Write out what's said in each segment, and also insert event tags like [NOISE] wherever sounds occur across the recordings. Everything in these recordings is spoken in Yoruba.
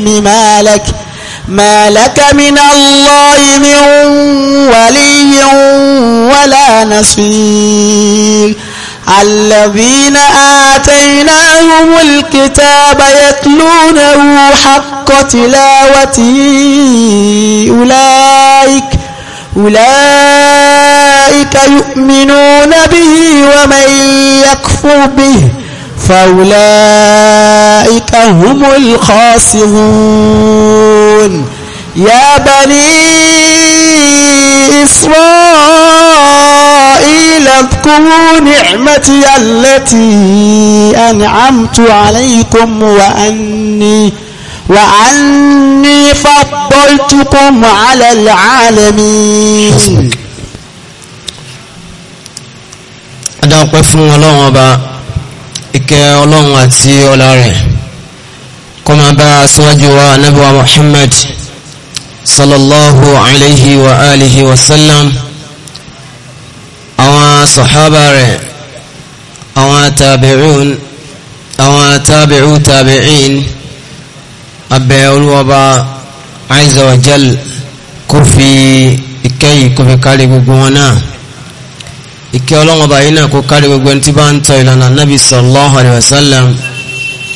ما لك ما لك من الله من ولي ولا نصير الذين آتيناهم الكتاب يتلونه حق تلاوته أولئك أولئك يؤمنون به ومن يكفر به فأولئك هم الخاسرون يا بني إسرائيل اذكروا نعمتي التي أنعمت عليكم وأني وأني فضلتكم على العالمين. ìkẹ́ ọlọ́run àti ọlá rẹ̀ kó máa bá aṣíwájú wa ànábì wa muhammad sallallahu alayhi wa alihi wa sallam àwọn sọ̀hábà rẹ̀ àwọn tàbí'ún àwọn tàbí'ú tàbí'ín abẹ́ olúwọba azza wa jal kó fi ìkẹ́yìn fi kárí gbogbo wọn náà ìkẹ́ ọlọ́run ọba yìí náà kó kárí gbogbo ẹni tí bá ń tọ ìlànà nabi sallallahu alayhi wa sallam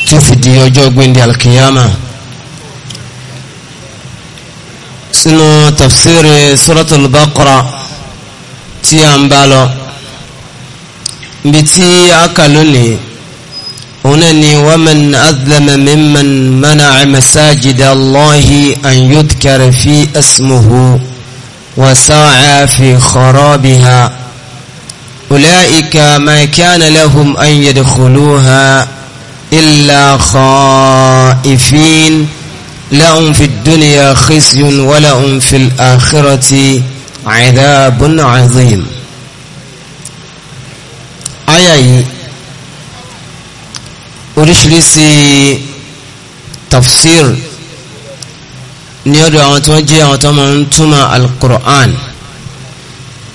tó fi di ọjọ́ gbẹ̀ndẹ̀ alkiyama sínú tafsiri suratul baqara tí a ń bá lọ ibi tí a kà lónìí òun ni waman adlama mimman mana'a masajida allahi an yudkara fi asmuhu wa sa'a fi kharabiha. أولئك ما كان لهم أن يدخلوها إلا خائفين لهم في الدنيا خزي ولهم في الآخرة عذاب عظيم آية oríṣiríṣi tafsir ní ọ̀dọ̀ àwọn tí wọ́n jẹ́ àwọn tó máa ń túmọ̀ al-Qur'an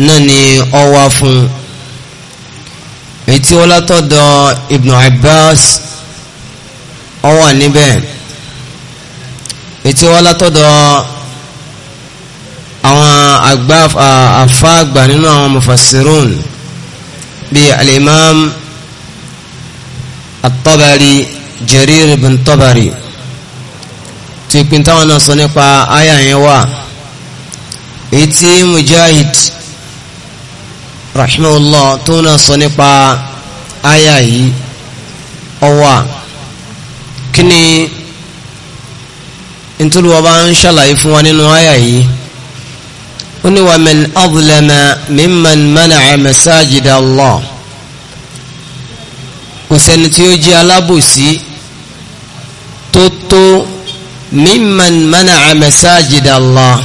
náà تفسير odo awon ti won je awon to ètí ọlátọ́dọ̀ Ibn Abbas ọwọ́ níbẹ̀ ètí ọlátọ́dọ̀ àwọn àgbà àfáàgbà nínú àwọn mufassirun bíi al-imam at-Tabari Jarir ibn Tabari tí ìpín táwọn náà sọ nípa àyà yẹn wà èyí Mujahid rahimahullah tó náà sọ nípa àyà yìí ọwà kí ni ntúlùwọ́ bá ń ṣàlàyé fún wa nínú àyà yìí ó ní wa man adlama mimman mana'a masajida Allah kò sẹ́ni tí ó jẹ́ alábòsí tó tó mimman mana'a masajida Allah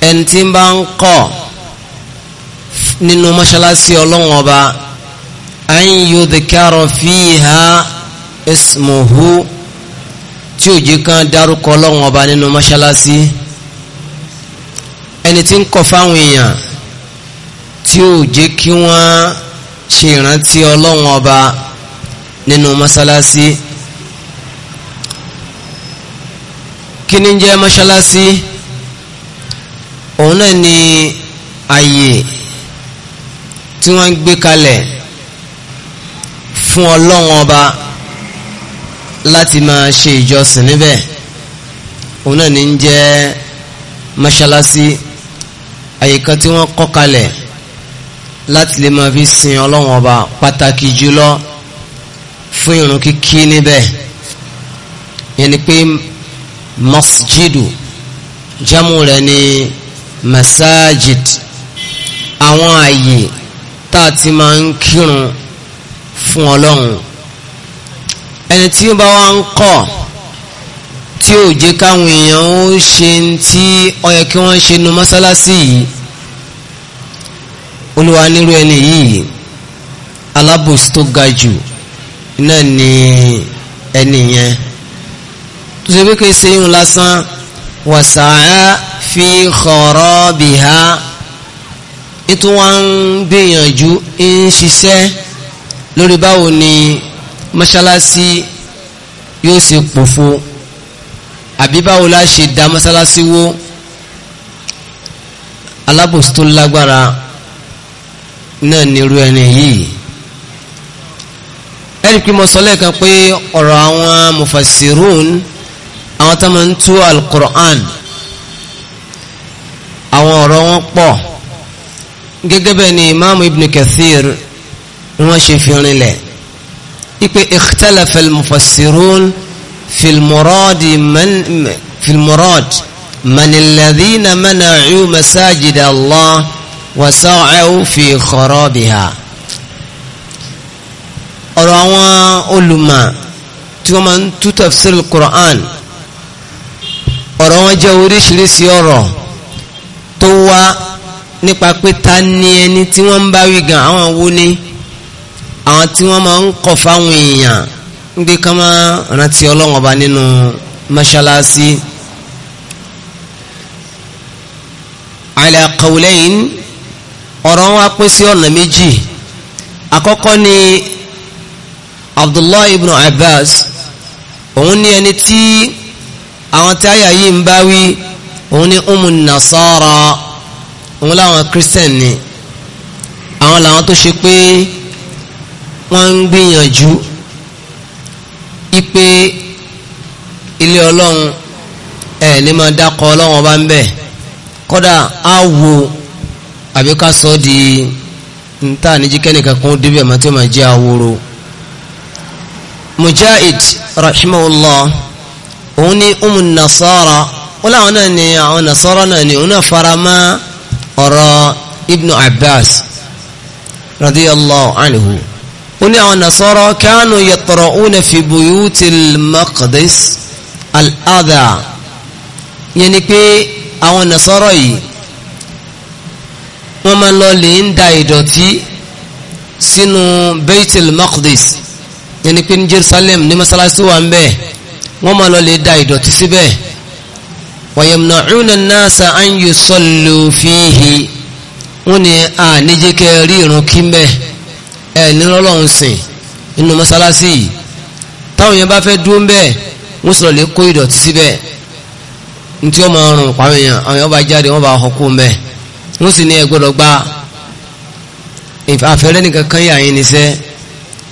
ẹni tí ń bá ń kọ́ nínú mọ́ṣáláṣí ọlọ́run ọba an yudhkara fiha ismuhu tí òjì kan dárúkọ ọlọ́run ọba nínú mọ́ṣáláṣí ẹni tí ń kọ fáwọn èèyàn tí ó jẹ́ kí wọ́n ṣe ìrántí ọlọ́run ọba nínú mọ́ṣáláṣí kí ni jẹ́ mọ́ṣáláṣí òun náà ni àyè tí wọ́n ń gbé kalẹ̀ fún ọlọ́run ọba láti máa ṣe ìjọsìn níbẹ̀ òun náà ní ń jẹ́ mọ́ṣáláṣí àyíká tí wọ́n kọ́ kalẹ̀ láti lè máa fi sin ọlọ́run ọba pàtàkì jùlọ fún irun kíkí níbẹ̀ yẹn ni pé masjidu jamu rẹ̀ ni masajid àwọn àyè tá a ti máa ń kírun fún ọlọ́run ẹni tí ó bá wá ń kọ́ tí ò jẹ́ káwọn èèyàn ó ṣe tí ó yẹ kí wọ́n ṣe nu mọ́sálásí yìí olúwa nírú ẹni yìí alábòsí tó ga jù náà ni ẹni yẹn tó ṣe pé kí n ṣe yín lásán wàsáà fi kharabiha ètò wa ń gbìyànjú ń ṣiṣẹ́ lórí báwo ni mọ́ṣáláṣí yóò ṣe pòfo àbí báwo la ṣe dá mọ́ṣáláṣí wó alábòsí tó lágbára náà nírú ẹni yìí ẹni pé mo sọ lẹ́ẹ̀kan pé ọ̀rọ̀ àwọn mufassirun àwọn tó máa ń tú al àwọn ọ̀rọ̀ wọn pọ̀. gẹ́gẹ́ bẹ́ẹ̀ ni imaamu ibn kathir ni wọ́n ṣe fi rinlẹ̀ ipe ikhtalafa al-mufassirun fil muradi man fil murad man alladhina mana'u masajid Allah wa sa'u fi kharabiha ọ̀rọ̀ àwọn olùmọ̀ tí wọ́n máa ń tú tafsir al-Qur'an ọ̀rọ̀ wọn jẹ́ oríṣiríṣi ọ̀rọ̀ tó wá nípa pé ta ni ẹni tí wọ́n ń bá wí gan àwọn wo ni àwọn tí wọ́n máa ń kọ̀ fáwọn èèyàn ń gbé ká máa rántí ọlọ́run ọba nínú mọ́ṣáláṣí. ala qawlayn ọ̀rọ̀ wa pín sí ọ̀nà méjì àkọ́kọ́ ni Abdullahi ibn Abbas òun ni ẹni tí àwọn táyà yìí ń bá wí òun ni umu nasara òun láwọn christian ni àwọn làwọn tó ṣe pé wọ́n ń gbìyànjú ipe ilé ọlọ́run ẹ̀ ní máa dákọ̀ ọlọ́run ọba ń bẹ̀ kódà á wo àbí ká sọ di nta níjí kẹ́nìkan kún débẹ̀ mọ́ tí ó máa jẹ́ àwòrò mujahid rahimahullah òun ní umu nasara ó láwọn náà ni àwọn nasara náà ni òun náà fara máa ọ̀rọ̀ ibnu abbas radiyallahu anhu ó ní àwọn nasọ́rọ̀ kánú yaqra'una fi buyutil maqdis al-adha yẹn ni pé àwọn nasọ́rọ̀ yìí wọ́n máa lọ lè ń da ìdọ̀tí sínú baitul maqdis yẹn ni pé ní jerusalem ní masalasi wà ń bẹ́ẹ̀ wọ́n máa lọ lè da ìdọ̀tí síbẹ̀. Si wàyẹ̀mùnàún náàsà an yusallu fihi wọ́n ní a níjẹ́kẹ́ rí irun kí mẹ́ ẹ̀ nírọ́lọ́run sìn nínú mọ́sálásí yìí táwọn yẹn bá fẹ́ dúró bẹ́ẹ̀ wọ́n sọ̀rọ̀ lè kó ìdọ̀tí síbẹ̀ ntí wọ́n máa rùn pàmò yẹn àwọn yẹn bá jáde wọ́n bá ọkọ̀ mẹ́ wọ́n sì ní ẹ gbọ́dọ̀ gba àfẹ́rẹ́ nìkan kan yà yín níṣẹ́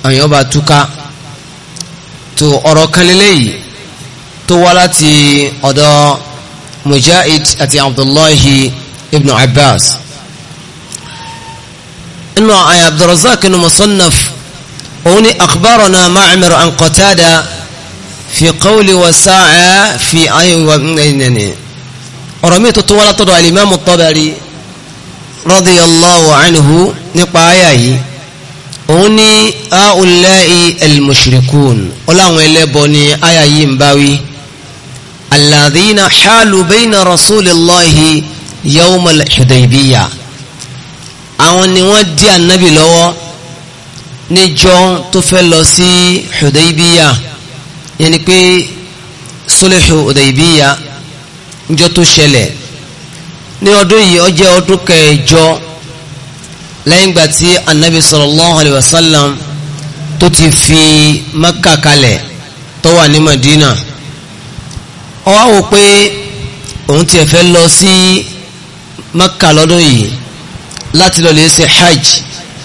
àwọn yẹn bá túká tó ọ̀rọ̀ kan lélẹ́yìí tó wá láti ọ̀dọ̀ mujahid àti abdullahi ibn abbas inú àyà abdulrazak inú musannaf òun ni akhbarana ma'mar an qatada fi qawli wa sa'a fi aywa nani ọ̀rọ̀ mi tuntun wọ́n látọ̀dọ̀ alimami tabari radiyallahu anhu nípa àyà yìí òun ní aula'i almushrikun ọláwọn ẹlẹ́bọ ni àyà yìí ń báwí. الذين حالوا بين رسول الله يوم الحديبية ni wọ́n di ànábì lọ́wọ́ níjọ́ tó fẹ́ lọ sí hudaybiya yẹni pé sulhu hudaybiya níjọ́ tó ṣẹlẹ̀ ní ọdún yìí ó jẹ́ ọdún kẹjọ lẹ́yìn ìgbà tí anabi sallallahu alayhi wa sallam ti fi Makka kalẹ̀ tó wà ní Madina ọwọ́ wò pé òun tiẹ̀ fẹ́ lọ sí Mẹ́kà lọ́dún yìí láti lọ lè ṣe hajj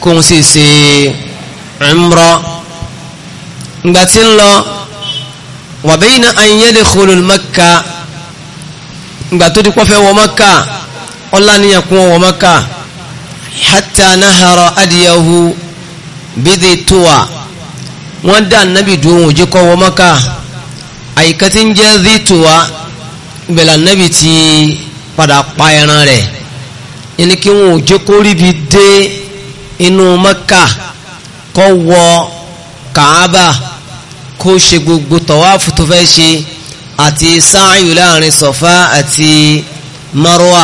kó òun sì ṣe umrah ìgbà tí ń lọ wa bayna an yadkhulu Mẹ́kà ìgbà tó ti kọ́ wọ Mẹ́kà ọlá níyàn kún wọ Mẹ́kà hatta nahara adiyahu bídìí tuwa wọ́n dá nàbì dùn òun ò wọ Mẹ́kà àyíká tí ń jẹ́ zituwa ìbẹ̀lẹ̀ ànábì ti padà pa ẹran rẹ̀ yẹn kí wọn ò jókòó ríbi dé inú mẹ́kà kọ́ wọ kàábà kó ṣe gbogbo tọ́wáfù tó fẹ́ ṣe àti sáàyù láàrin sọ̀fá àti marwa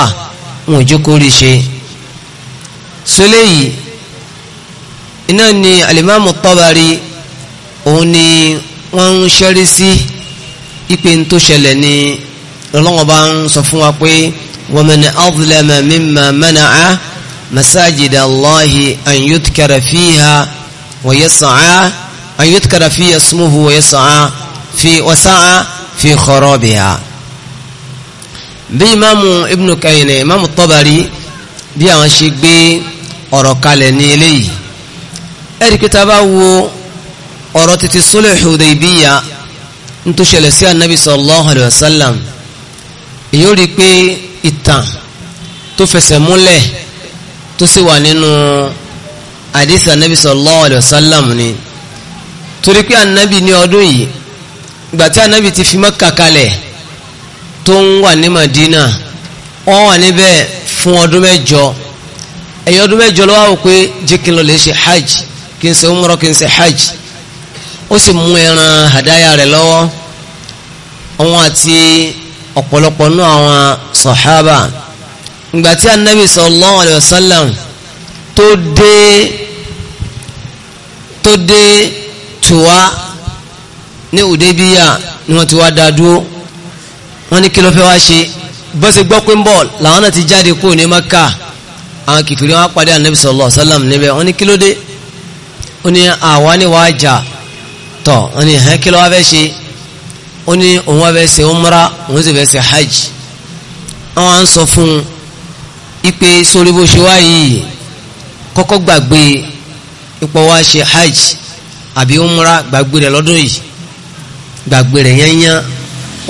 wọn ò jókòó rí ṣe sólé yìí iná ni alimami Tabari òun ni wọ́n ń ṣẹ́rí sí. Si ipe ń tó ṣẹlẹ̀ ni ọlọ́wọ́n bá ń sọ fún wa pé wa man azlama mimma mana'a masajida Allahi an yudhkara fiha wa yas'a an yudhkara fiha ismuhu wa yas'a fi wasa'a fi kharabiha bí imaamu ibnu kayine imaamu tabari bí àwọn ṣe gbé ọ̀rọ̀ kalẹ̀ ní eléyìí ẹ̀rí bá wo ọ̀rọ̀ títí sulh Hudaybiya tó ṣẹlẹ̀ sí anabi sallallahu alayhi wa sallam èyí ó rí i pé ìtàn tó fẹsẹ̀ múlẹ̀ tó sì wà nínú àdìsí anabi sallallahu alayhi wa sallam ni torí pé anabi ní ọdún yìí ìgbà tí anabi ti fi Mákà kalẹ̀ tó ń wà ní Madina wọ́n wà níbẹ̀ fún ọdún mẹ́jọ ẹ̀yìn ọdún mẹ́jọ ló pé jí kí n lọ lè ṣe hajj kí n ṣe umrọ kí n ṣe hajj ó sì mú ẹran àdáyà rẹ̀ lọ́wọ́ òun àti ọ̀pọ̀lọpọ̀ nú àwọn sọ̀hábà ìgbà tí anabi sallallahu alayhi wa sallam tó dé tó dé tùwá ní Udebiya ni wọ́n ti wá dá dúró wọ́n ní kí ló fẹ́ wá ṣe bó ṣe gbọ́ pé ń bọ̀ làwọn náà ti jáde kúrò ní Maka àwọn kìfìrí wọn pàdé anabi sallallahu alayhi wa sallam níbẹ̀ wọ́n ní kí ló dé ó ní àwa ni wàá jà tọ́ ọ ní hàn kí ló wá fẹ́ ṣe ó òun wá fẹ́ ṣe umra òun sì fẹ́ ṣe hajj àwọn à ń sọ fún un ipe sórí bó ṣe wá yìí kọ́kọ́ gbàgbé ipò wa ṣe hajj àbí umra gbàgbé rẹ̀ lọ́dún yìí gbàgbé rẹ̀ yányán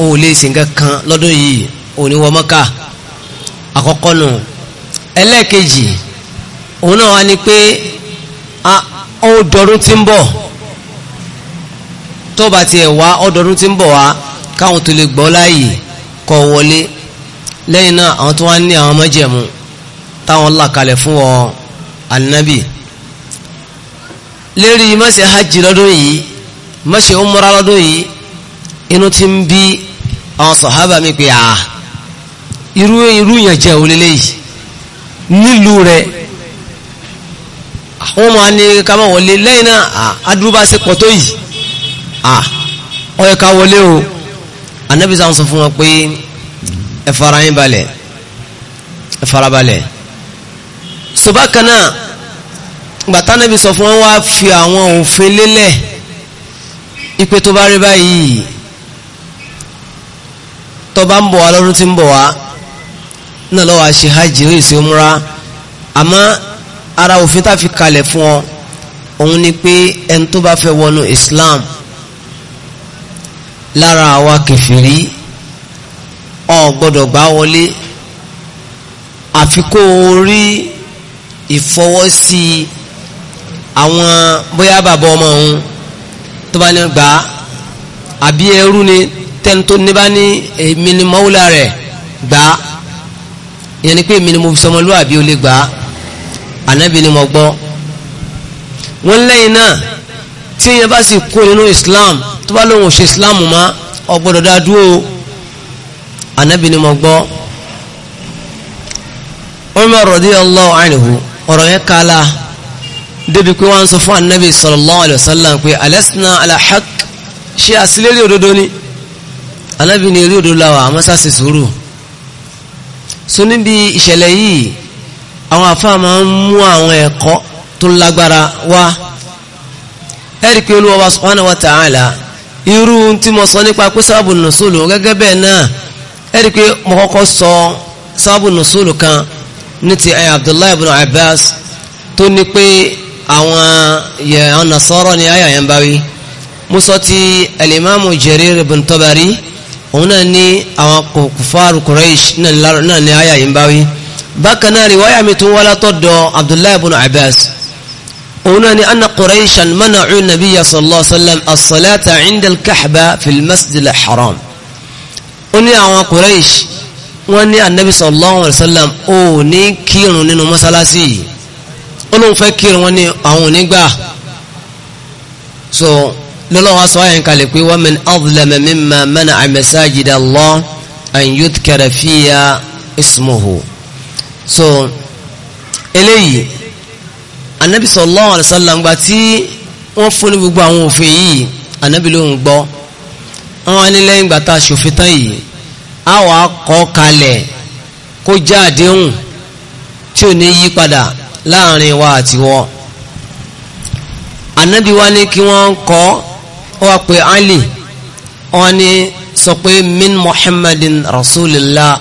ó lè ṣe nǹkan kan lọ́dún yìí ó ní wọ Mọ́kà àkọ́kọ́ nù ẹlẹ́ẹ̀kejì òun náà wá ní pé ó dọdún tí ń bọ̀ tó bá tiẹ̀ wá ọdọọdún tí ń bọ̀ wá káwọn tó lè gbọ́ láàyè kó wọlé lẹ́yìn náà àwọn tó wá ní àwọn májẹ̀mú táwọn là kalẹ̀ fún ọ alinabi lérí má ṣe hajj lọ́dún yìí má ṣe umra lọ́dún yìí inú ti ń bí àwọn sọ̀hábà mi pé àá irú irú yẹn jẹ́ òlélẹ́ yìí nílùú rẹ̀ àwọn ọmọ àni ká wọlé lẹ́yìn náà àdúrúbá ṣe pọ̀ tó yìí à ó yẹ ká wọlé o anabi sàn sọ fún wọn pé ẹ fara yín balẹ̀ ẹ fara balẹ̀ ṣùgbọ́n kan náà gbàtà anabi sọ fún wọn wá fi àwọn òfin lélẹ̀ ipe tó bá rí báyìí tó bá ń bọ̀ wá lọ́dún tí ń bọ̀ wá náà lọ́wọ́ àṣẹ hajj rí ìṣe múra àmọ́ ara òfin tá a fi kalẹ̀ fún ọ òun ni pé ẹni tó bá fẹ́ wọnú Islam lára àwa kẹfìrí ọ gbọ́dọ̀ gbá wọlé àfi kó o rí ìfọwọ́sí àwọn bóyá bàbá ọmọ òun tó bá ní gbà á àbí ẹrú ni tẹ́ni tó ní bá ní èmi ni mọ́wúlà rẹ̀ gbà á ìyẹn ni pé èmi ni mo fi sọmọlúwàbí ó lè gbà á ànábì ni mo gbọ́ wọ́n lẹ́yìn náà tí èèyàn bá sì kú nínú Islam tó bá lóun ò ṣe islam ma ọgbọ́dọ̀ dá dúró anabi ni mo gbọ́ Umar radiyallahu anhu ọ̀rọ̀ yẹn kala débi pé wọ́n ń sọ fún anabi sallallahu alayhi wa sallam pé alasna ala haqq ṣe àsìlérí òdodo ni anabi ni eré òdodo làwà àmọ́ sùúrù so níbi ìṣẹ̀lẹ̀ yìí àwọn àfáà máa ń mú àwọn ẹ̀kọ́ tó lágbára wá ẹ̀rí pé Olúwa subhanahu wa ta'ala irú tí mo sọ nípa pé sábàbù nùsùlù gẹ́gẹ́ bẹ́ẹ̀ náà ẹ rí i pé mo kọ́kọ́ sọ sábàbù nùsùlù kan ní ti ayé eh, Abdullahi ibn Abbas tó ní pé àwọn yẹn nasọ́rọ́ ni ayé àyàn bá wí mo sọ ti alimami Jarir ibn Tabari òun náà ní àwọn kufaru Quraysh náà ni ayé àyàn bá wí bákan náà rí wáyà mi tún wá látọ̀dọ̀ Abdullahi ibn Abbas. هنا أن قريشا منعوا النبي صلى الله عليه وسلم الصلاة عند الكحبة في المسجد الحرام أني أن قريش وأني النبي صلى الله عليه وسلم أوني كيرو نينو مسلاسي أنو فكير وأني أوني با so لله سواء قال ومن أظلم مما منع مساجد الله أن يذكر فيها اسمه so eléyìí anabi sallallahu alaihi wasallam gba tí wọ́n fún ní gbogbo àwọn òfin yìí anabi ló ń gbọ́ wọ́n wá ní lẹ́yìn gbàtà ṣòfin tán yìí a wà kọ́ kalẹ̀ kó já àdéhùn tí ò ní yí padà láàrin wa àti wọ́ anabi wá ní kí wọ́n kọ́ ọ wá pé ali wọ́n ní sọ pé min muhammadin rasulillah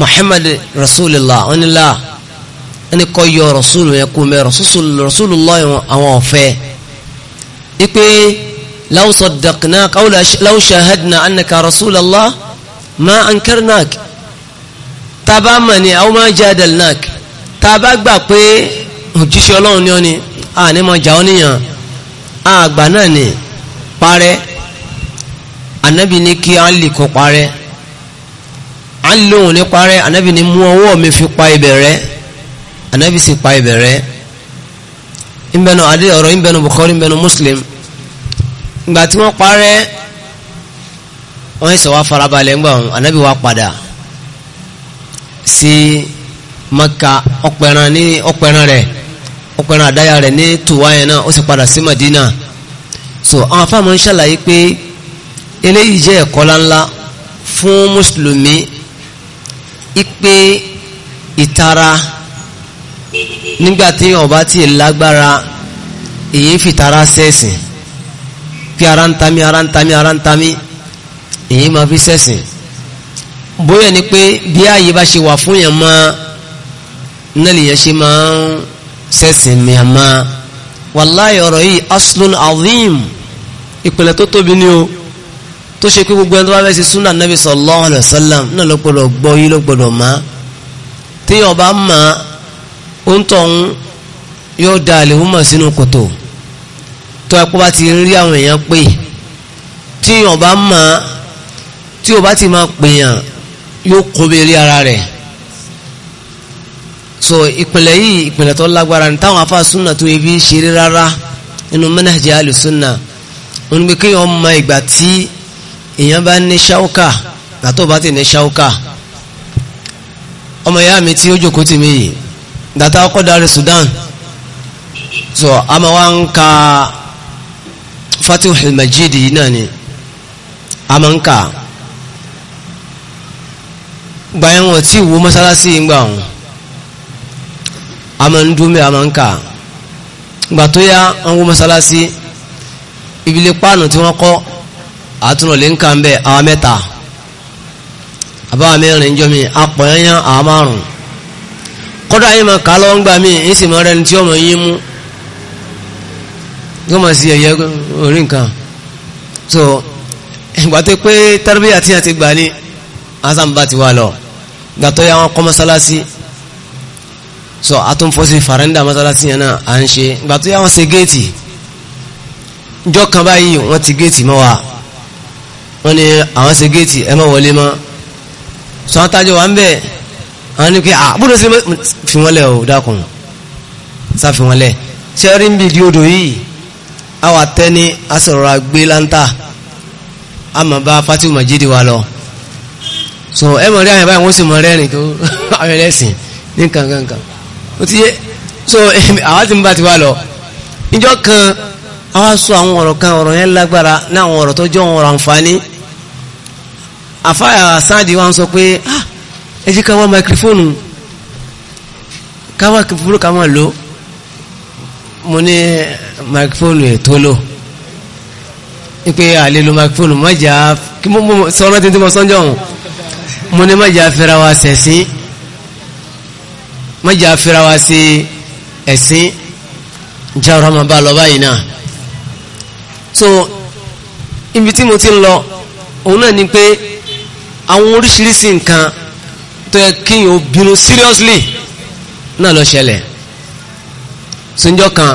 muhammad rasulillah wọ́n ẹni kọ́ yọ rọ̀súlù yẹn kú mẹ́ rọ̀súlù lọ́yìn àwọn ọ̀fẹ́ ipe law saddaqnak aw law shahadna annaka rasulallah ma ankarnak taba mani aw ma jadalnak taba gbà pé òjíṣẹ́ ọlọ́run ni ọ ni a ní mọ jà ọ níyàn àgbà náà ni parẹ́ anabi ní kí ali kọ parẹ́ ali lóhùn ní parẹ́ anabi ní mú ọwọ́ mi fi pa ibẹ̀ rẹ́ anabi sì pa ibẹ̀ rẹ̀ ìbẹnu adé ọ̀rọ̀ ìbẹnu bukhari muslim ìgbà tí wọ́n parẹ́ wọ́n yìí sọ wá farabalẹ̀ ńgbà wọn anabi wá padà sí maka ọ̀pẹ̀ràn ní ọ̀pẹ̀ràn rẹ̀ ọ̀pẹ̀ràn àdáyà rẹ̀ ní tùwáyẹn náà ó sì padà sí madina so àwọn afáàmù ń ṣàlàyé pé eléyìí jẹ́ ẹ̀kọ́ láńlá fún mùsùlùmí ipe ìtara. E nígbàtí ọba tí lágbára èyí fìtara sẹ́sìn pé ara ń tami ara ń tami ara ń tami èyí máa fi sẹ́sìn bóyá ni pé bí ààyè bá ṣe wà fún yẹn máa náà lèyàn ṣe máa ń sẹ́sìn mìíràn máa wàláyé ọ̀rọ̀ yìí aslun azim ìpìlẹ̀ tó tóbi ní o tó ṣe pé gbogbo ẹni tó bá fẹ́ ṣe súnà nàbì sallallahu alaihi wasallam náà ló gbọ́ yìí ló gbọdọ̀ má téèyàn máa ó ń tọ̀hún yóò da àlèhùnmọ̀ sínú kòtò tó ẹ̀kọ́ bá ti rí àwọn èèyàn pé tí yàn bá mọ̀ tí o bá ti máa pèèyàn yóò kó béèrè ara rẹ̀ so ìpìlẹ̀ yìí ìpìlẹ̀ tó lágbára ní táwọn afa sunna tó ebi ń ṣeré rárá nínú manhaji alùsùnà òun pé kéèyàn mọ ìgbà tí èèyàn bá ní ṣáúkà gbà bá ti ní ṣáúkà ọmọ ìyá mi tí ó jókòó tì mí yìí dàtà ọkọ̀ darí Sudan so a máa wá ń ka Fatihul Majid yìí náà ni a máa ń kà gbayan wọn tí ìwò mọ́sálásí ń gbà wọn a máa ń dúnmí a máa ń kà gbà tó yá wọn wó mọ́sálásí ibile páànù tí wọ́n kọ́ àtúnọ̀lé ń kà ń bẹ̀ àwa mẹ́ta kọ́dọ̀ ayé máa kà á lọ́wọ́ ń gbà mí ń sì máa rẹni tí ọmọ yín mú yóò máa sí ẹ̀yẹ orí nǹkan so ìgbà tó pé tẹ́rẹ́bíyà tí a ti gbà ní azamba ti wà lọ ìgbà tó yà wọn kọ́ mọ́sálásí so atúnfọ́sí faranda mọ́sálásí yẹn náà à ń ṣe ìgbà tó yà wọn ṣe géètì njọ́ kan báyìí wọ́n ti géètì mọ́ wa wọ́n ní àwọn ṣe géètì ẹ má wọlé mọ́ sọ wọn tájọ ń bẹ́ẹ̀. àwọn ni pé bụrụ sí fi wọ́n lẹ̀ ò dákun sáfi wọ́n lẹ̀ ṣe ń di odò yìí àwọn àtẹ́ni asọ̀rọ̀ agbé láńtà a bá Fatiu Majidi wa lọ so ẹ mọ̀ rí àwọn ìbáyìí wọ́n sì mọ̀ rẹ́rìn tó àwọn ẹlẹ́sìn ní kankankan ti yé so àwọn tí ń bá ti wá lọ ìjọ kan àwọn àwọn ọ̀rọ̀ kan ọ̀rọ̀ yẹn lágbára ní àwọn ọ̀rọ̀ tó jọ àwọn ọ̀rọ̀ àǹfààní àfáà sáàdì wa ń sọ pé ah ẹ jẹ́ ká wá microphone ká wá microphone ká máa lò mo ní microphone ẹ̀ tó lò ipe àlè lo microphone má jà kí mo sọ̀rọ̀ títí mo sọ́njọ́ òun mo ní má jà fẹ́ra wa sẹ̀sìn má jà fẹ́ra wa sí ẹ̀sìn já máa bá lọ báyìí náà so ibi tí mo ti ń lọ òun náà ni pé àwọn oríṣiríṣi nǹkan tó yẹ kéèyàn ó bínú seriously náà lọ ṣẹlẹ̀ sunjọ kan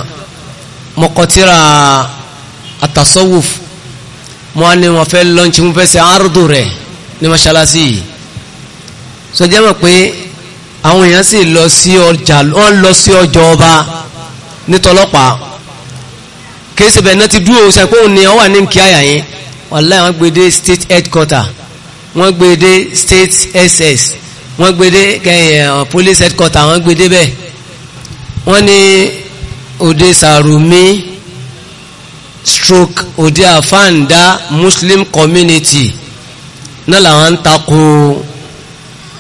mọ̀kọ́tìrà àtàsọ́wùf mo á ní wọn fẹ́ lọ́ọ̀nchì mo fẹ́ ṣe àrùdù rẹ̀ ní mọ́ṣáláṣí yìí sọjá mọ̀ pé àwọn èèyàn sì lọ sí ọjà wọ́n lọ sí ọjà ọba nítọ́lọ́pàá kìí ṣe bẹ̀rẹ̀ náà ti dúró ṣe pé òun ni wọ́n wà ní nkí àyà yẹn wàláhì wọ́n gbé dé state headquarter wọ́n gbé dé state ss wọ́n gbede kẹ́yìn police headquarter wọ́n gbede bẹ́ẹ̀ wọ́n ní òde sàrùmí stroke òde àfáàǹdá muslim community náà làwọn ń takò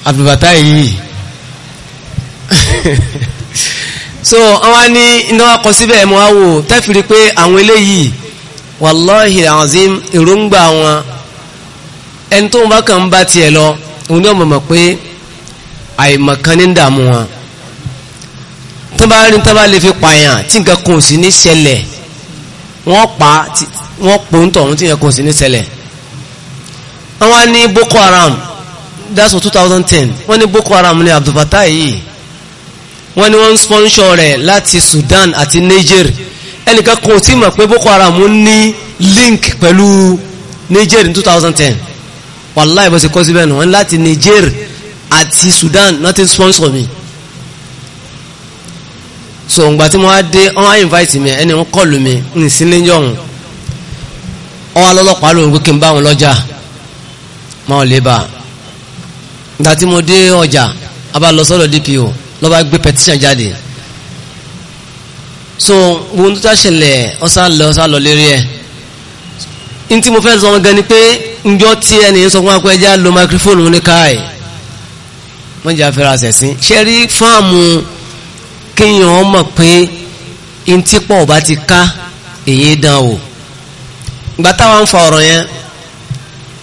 àbíbàtà yìí [LAUGHS] so àwọn ní iná akọ síbẹ̀ mọ́ àwò tẹ́fìrí pé àwọn eléyìí wàláhì azim èròǹgbà wọn ẹni tó ń bá kàn ń bá tiẹ̀ lọ òun náà mọ̀ mọ̀ pé àìmọ̀kan ní dààmú wọn tó bá rí tó bá lè fi pààyàn tí nǹkan kan ò sí ní ṣẹlẹ̀ wọ́n pa wọ́n pò ń tọ̀hún tí nǹkan kan sí ní ṣẹlẹ̀ wọ́n ní Boko Haram that's for 2010 wọ́n ní Boko Haram ní Abdulfatah yìí wọ́n ní wọ́n sponsor rẹ̀ láti Sudan àti Niger ẹnìkan kan ò tí mọ̀ pé Boko Haram ní link pẹ̀lú Niger ní 2010 wàláì bó ṣe kọ́ síbẹ̀ nù wọ́n láti Niger àti Sudan nothing sponsor me, so ǹgbà tí mo wá dé wọ́n á invite mi ẹni ń kọlù mi ń sí léyìn ọ̀hún wọ́n wá lọ́lọ́pàá lòun pé kí n bá wọn lọ́jà máa lè bà ǹgbà tí mo dé ọjà a bá lọ sọ́dọ̀ DPO lọ́ba gbé petition jáde so ohun tó ṣẹlẹ̀ ọ̀sán lọ ọ̀sán lọ lérí ẹ̀ n tí mo fẹ́ sọ wọn gan ni pé njọ́ tí ẹni sọ fún wa pé ẹja lo microphone ní káàyè wọ́n jẹ́ afẹ́ra ṣẹ̀sìn ṣe rí fáàmù kéèyàn mọ̀ pé ntípọ̀ ọba ti ká èyí dán o ìgbà táwọn fa ọ̀rọ̀ yẹn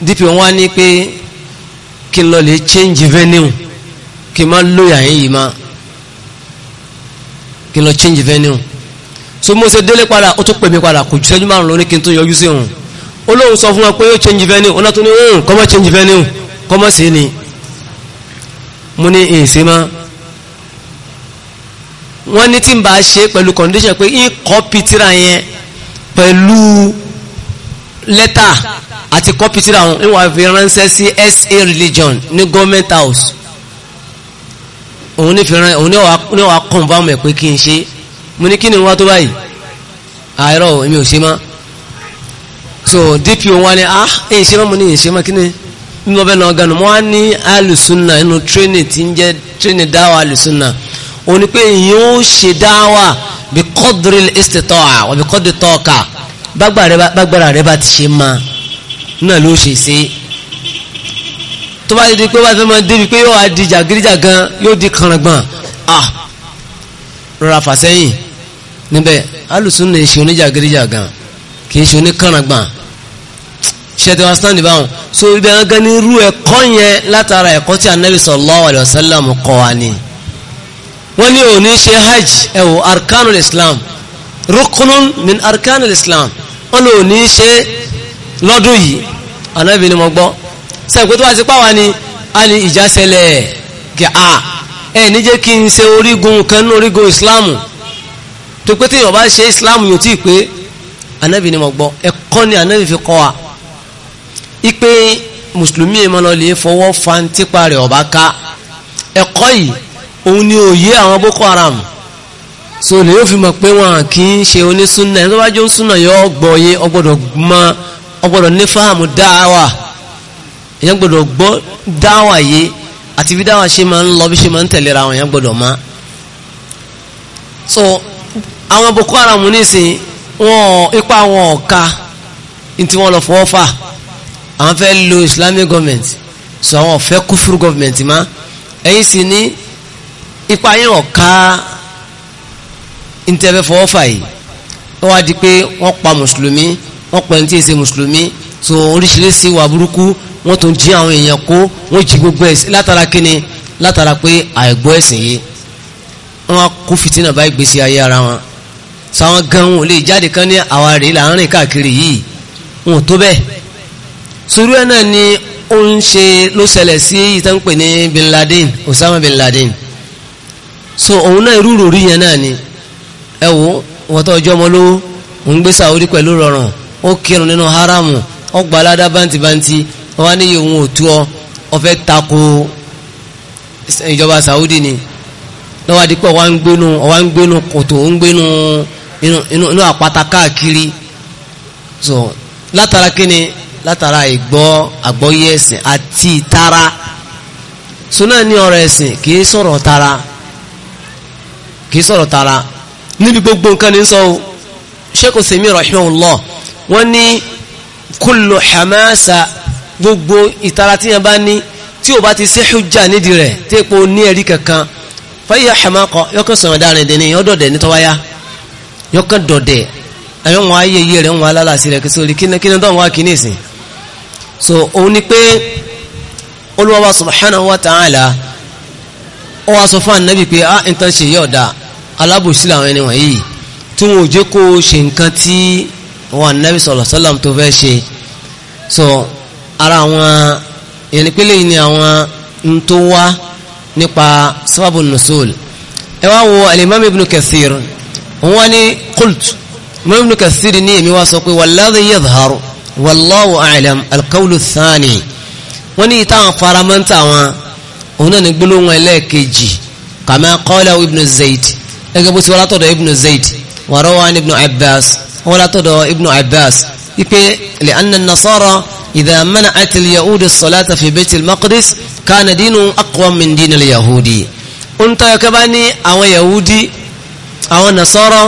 dp wọn ní pé kí n lọ lè change venue kí n má lóyà yín yìí má kí n lọ change venue so mo ṣe délé padà ó tún pè mí padà kò ju ṣẹ́jú márùn-ún lónìí kí n tó yọjú sí òun ó lóun sọ fún wa pé ó change venue ó náà tún ní òun hmm, change venue kọ́mọ́ sí ni mo ní èsì mọ́ wọ́n ní tí n bá ṣe pẹ̀lú condition pé ń kọ́pì tíra yẹn pẹ̀lú lẹ́tà àti kọ́pì tíra wọn ń wà fi ránṣẹ́ sí SA religion ní government house òun ní fi ránṣẹ́ òun ní wàá confirm ẹ̀ pé kí n ṣe mo ní kí ni wọ́n tó báyìí àìrọ̀ ah, èmi ò ṣe mọ́ so DPO wọn ni ah èyí ṣe mọ́ mo ní èyí ṣe mọ́ kí ni bí mo bẹ́ ganu mo wá ní alùsùnà inú tírénì tí ń jẹ́ tírénì dáwà alùsùnà òun ni pé èyàn ó ṣe dáwà bí kọ́dùrì istita'a wà bí kọ́dùrì tọ́ọ̀ka bágbára rẹ bá ti ṣe ma náà ló ṣe ṣe tó bá di pé wá fẹ́ máa débi pé yóò di jàgídíjàgan yóò di kànràngbọ̀n ah rọra fà sẹ́yìn níbẹ̀ alùsùnà ìṣe oníjàgídíjàgan kì í ṣe oníkànràngbọ̀n ṣẹ́tí wọn sáńdì báwọn so ibẹ̀ gangan ní irú ẹ̀kọ́ yẹn látara ẹ̀kọ́ tí anabi sallallahu alayhi wa sallam kọ́ wa ni wọ́n ní òní ṣe hajj ẹ̀wọ̀ arkanul islam rukunun min arkanul islam wọ́n ní òní ṣe lọ́dún yìí anabi ni mo gbọ́ sẹ́yìn pé tó bá ti pàwọn ni a ní ìjà ṣẹlẹ̀ ẹ̀ níjẹ́ kí n ṣe orígun kan orígun islam tó pé tí yorùbá ṣe islam yóò tí ì pé anabi ni mo gbọ́ ẹ̀kọ́ ni anabi fi kọ́ wa ipe mùsùlùmí ẹ̀ mọ́lọ́ lè fọwọ́ fa ń tipa rẹ̀ ọ̀bá ká ẹ̀kọ́ yìí òun ni òye àwọn boko haram so lè yóò fi mọ̀ pé wọn kì í ṣe onísúnà ẹni tó bá jó ń súnà yọ ọgbọ̀ yé ọgbọ̀dọ̀ mọ ọgbọ̀dọ̀ ní fáàmù dáwà èèyàn gbọ́dọ̀ gbọ́ dáwà yé àti bí dáwà ṣe máa ń lọ bí ṣe máa ń tẹ̀lera àwọn èèyàn gbọ́dọ̀ má so àwọn boko haram nísìn wọn ipa wọn ọ̀ka ní tí wọn lọ fọwọ́ fà àwọn fẹ́ lo islamic government so àwọn ọ̀fẹ́ kúfúrú government má ẹ̀yin sì ní ipa yẹn ọ̀ka ntẹ́fẹ́ fọwọ́ fà yìí wọ́n wá di pé wọ́n pa mùsùlùmí wọ́n pa ẹni tí èsè mùsùlùmí so oríṣiríṣi wà burúkú wọ́n tún jí àwọn èèyàn kó wọ́n jí gbogbo ẹ̀sìn látara kíni látara pé àìgbọ́ ẹ̀sìn yìí wọ́n kó fìtínà bá ìgbésí ayé ara wọn sáwọn gan wọn ò lè jáde kan ní àwa rèé là ń káàkiri yìí wọn ò tó bẹ́ẹ̀ sùúrù ẹ̀ náà ni ó ń ṣe ló ṣẹlẹ̀ sí ìtànpè ní bin laden osama bin laden so òun náà irú rò rí yẹn náà ni ẹ wo wọ́n tó ọjọ́ ọmọ lówó òun gbé sàwórí pẹ̀lú rọrùn ó kírun nínú haramu ó gba aládá bántíbántí wọ́n á níyì òun ò tú ọ ọ fẹ́ tako ìjọba Saudi ni lọ́wọ́ àdìpọ̀ wá ń gbénu ọ̀wá ń gbénu kòtò ń gbénu inú inú àpáta káàkiri so látara kíni látara ìgbọ́ àgbọ́yé ẹ̀sìn àti ìtara súnà ní ọ̀rọ̀ ẹ̀sìn kìí sọ̀rọ̀ tara kìí sọ̀rọ̀ tara níbi gbogbo nǹkan ní sọ Sheikh Usaymin rahimahullah wọ́n ní kullu hamasa gbogbo ìtara tí yẹn bá ní tí o bá ti ṣe hujja nídìí rẹ̀ tí epo ní ẹ̀rí kankan fẹ́yà hamaqa yọkàn sọ̀rọ̀ dáa rẹ̀ dẹ́ni yọ́dọ̀dẹ̀ nítọ́wáyá yọkàn dọ̀dẹ̀ ẹ̀yọ́ wọn ayẹyẹ rẹ̀ wọn alálàsí rẹ̀ kí sórí kí ni tó ń wá kí ní ìsìn so òun ni pé olúwa subhanahu wa ta'ala ó wá sọ fún ànábì pé a ah, nǹkan ṣe yí ọ̀dà alábòsí làwọn ẹni wọ̀nyí tí wọn jẹ́ kó ṣe nǹkan tí wọn ànábì sallallahu alaihi wasallam tó fẹ́ ṣe so ara àwọn ìyẹn pé lẹ́yìn ni àwọn ń tó wá nípa sábàbù nùsùl ẹ wá wo al-imam ibn kathir wọn wá ní qult imam ibn kathir ní èmi wá sọ pé walladhi yadhharu wallahu a'lam alkaulu thani wọ́n ní ìtàn faramọ́ntà wọn òun náà ní gbólóhùn ẹlẹ́ẹ̀kejì kàmá qala ibnu zayd ẹgbẹ́ bó ti wọ́n látọ̀dọ̀ ibnu zayd wa rawa ibnu abbas wọ́n látọ̀dọ̀ ibnu abbas ipe li anna nasara idha mana'at al-yahud as-salata fi bayt al-maqdis kana dinu aqwa min din al-yahudi ń tọ́ ẹ̀kẹ́ bá àwọn yahudi àwọn nasara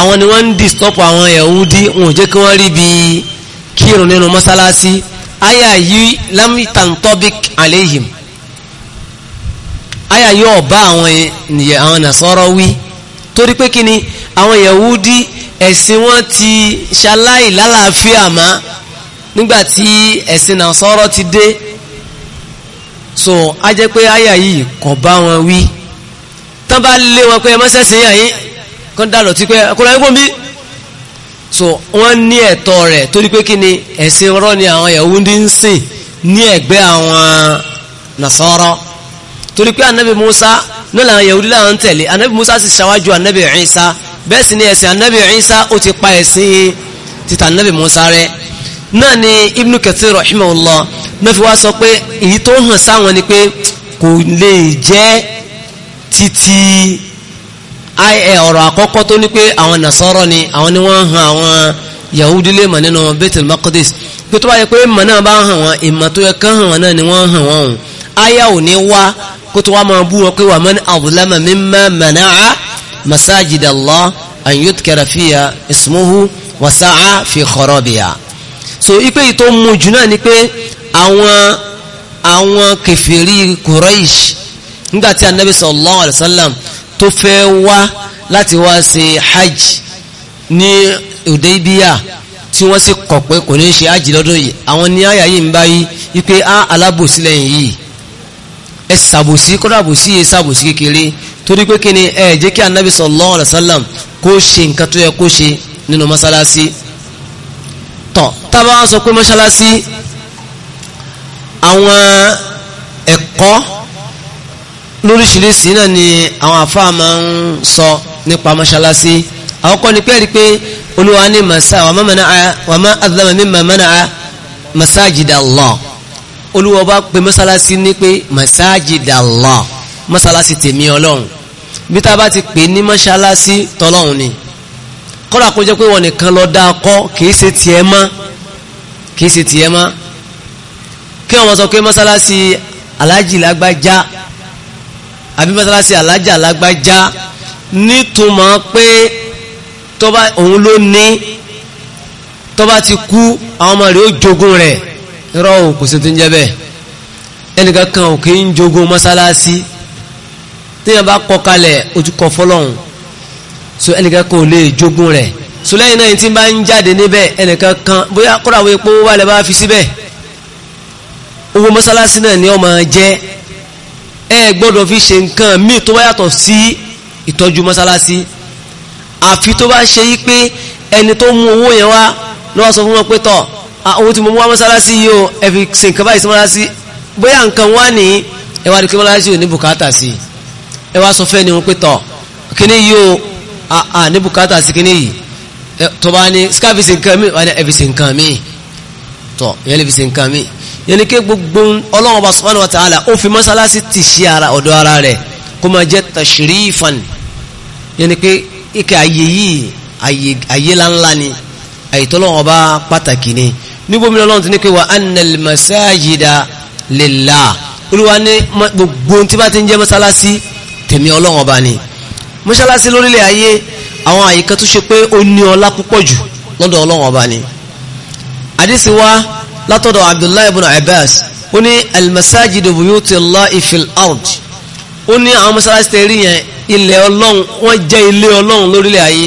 àwọn ni wọ́n ń distop àwọn yahudi wọn jẹ́ kí wọ́n rí bíi kírun nínú mọ́sálásí aya yìí lamtantobik aleihim aya yìí ọba àwọn àwọn nasọ́rọ́ wí torí pé kí ni àwọn yahudi ẹ̀sìn wọn ti ṣaláì lálàáfíà má nígbàtí ẹ̀sìn nasọ́rọ́ ti dé so a jẹ́ pé aya yìí kò bá wọn wí tán bá lé wọn pé ẹ mọ́sẹ̀sìn yà yín kó pé kó lọ́ọ́ yín ń bí so wọ́n ní ẹ̀tọ́ rẹ̀ torí pé kí ni ẹ̀sìn rọ́ ni àwọn Yahudi ń sìn ní ẹ̀gbẹ́ àwọn Nasara torí pé anabi Musa náà làwọn Yahudi làwọn ń tẹ̀lé anabi Musa sì ṣáwájú anabi Isa bẹ́ẹ̀ sì ni ẹ̀sìn anabi Isa ó ti pa ẹ̀sìn títà anabi Musa rẹ̀ náà ni ibnu Kathir rahimahullah náà fi wá sọ pé èyí tó hàn sáwọn ni pé kò lè jẹ́ títí ọ̀rọ̀ àkọ́kọ́ tó ní pé àwọn nasọ́rọ̀ ni àwọn ni wọ́n han àwọn yahudi lè mọ̀ nínú Baitul Maqdis pé tó bá yẹ pé mọ̀ náà bá hàn wọn ìmọ̀ tó yẹ kán hàn wọn náà ni wọ́n hàn wọn aya ò ní wá kó tó wá máa bú wọn pé wà man azlama mimma mana'a masajidallah an yudhkara fiha ismuhu wa fi kharabiha so ipe yìí tó mú jù náà ni pé àwọn àwọn kèfèrí Quraysh nígbà tí anabi sallallahu alayhi wa sallam tó fẹ́ wá láti wá ṣe hajj ní Hudaybiya tí wọ́n sì kọ̀ pé kò ní ṣe hajj lọ́dún yìí àwọn ní àyà yìí ń báyìí wípé á alábòsí lẹ́yìn yìí ẹ ṣàbòsí kódà àbòsí yìí ṣàbòsí kékeré torí pé kí ni ẹ jẹ́ kí anabi sallallahu alaihi kó ṣe nǹkan tó yẹ kó ṣe nínú mọ́ṣáláṣí tọ̀ tábà sọ pé mọ́ṣáláṣí àwọn ẹ̀kọ́ lóríṣiríṣi náà ni àwọn àfáà máa ń sọ nípa mọ́ṣáláṣí àkọ́kọ́ ni pé rí pé olúwa ní masa wàmá mana'a wàmá adhama mimma mana'a masajid Allah olúwa bá pe mọ́ṣáláṣí ní pé masajid Allah mọ́ṣáláṣí tèmi ọlọ́run bí tá a bá ti pè ní mọ́ṣáláṣí tọ́lọ́run ni kọ́ra kó jẹ́ pé wọn nìkan lọ dá kọ́ kìí ṣe tiẹ̀ mọ́ kìí ṣe tiẹ̀ mọ́ kí wọ́n sọ pé mọ́ṣáláṣí alájì lágbájá àbí mọ́sálásí alájà lágbájá nítumọ̀ pé tọ́ba òun ló ní tọ́ba ti kú àwọn ọmọ rẹ̀ ó jogún rẹ̀ irọ́ o kò sí tó ń jẹ́ bẹ́ẹ̀ ẹnìkan kan ò kì í jogún mọ́sálásí téèyàn bá kọ kalẹ̀ ó kọ fọlọ́hún so ẹnìkan kan ò lè jogún rẹ̀ so lẹ́yìn náà tí n bá ń jáde níbẹ̀ ẹnìkan kan bóyá kódà wo epo wà lẹ́ fi síbẹ̀ owó mọ́sálásí náà ni ó jẹ́ ẹ gbọ́dọ̀ fi ṣe nǹkan míì tó bá yàtọ̀ sí ìtọ́jú mọ́sálásí àfi tó bá ṣe yí pé ẹni tó mú owó yẹn wá ló wá sọ fún wọn pé tọ̀ owó tí mo mú wá mọ́sálásí yìí o ẹ fi ṣe nǹkan báyìí sí mọ́sálásí bóyá nǹkan wá ní ẹ wá rí pé mọ́sálásí ò ní bùkátà sí ẹ wá sọ fẹ́ ni wọn pé tọ̀ kíní yìí o àà ní bùkátà sí kíní yìí tó bá ní skáfíìsì nǹkan míì wà ní ẹ fi ṣe nǹkan míì tọ̀ ìyẹn yẹni ké gbogbo ọlọ́run ọba subhanahu wa ta'ala ó fi mọ́sálásí ti ṣe ara ọ̀dọ̀ ara rẹ̀ kó máa jẹ́ tashrifan yẹni ké ike ayé yìí ayé ńláńlá ni àyètọ́lọ́run ọba pàtàkì ni níbo mi ọlọ́run ti ní pé wa annal masajida lillah olúwa ní gbogbo tí bá ti ń jẹ́ mọ́sálásí tèmi ọlọ́run ọba ni mọ́sálásí lórílẹ̀ ayé àwọn àyíká tó ṣe pé ó ní ọlá púpọ̀ jù lọ́dọ̀ ọlọ́run ọba ni àdìsí látọ̀dọ̀ abdullahi ibn abbas ó ní almasajidu buyuti allahi fil ard ó ní àwọn mọ́sálásí tẹ̀rí yẹn ilẹ̀ ọlọ́run wọ́n jẹ́ ilé ọlọ́run lórílẹ̀ ayé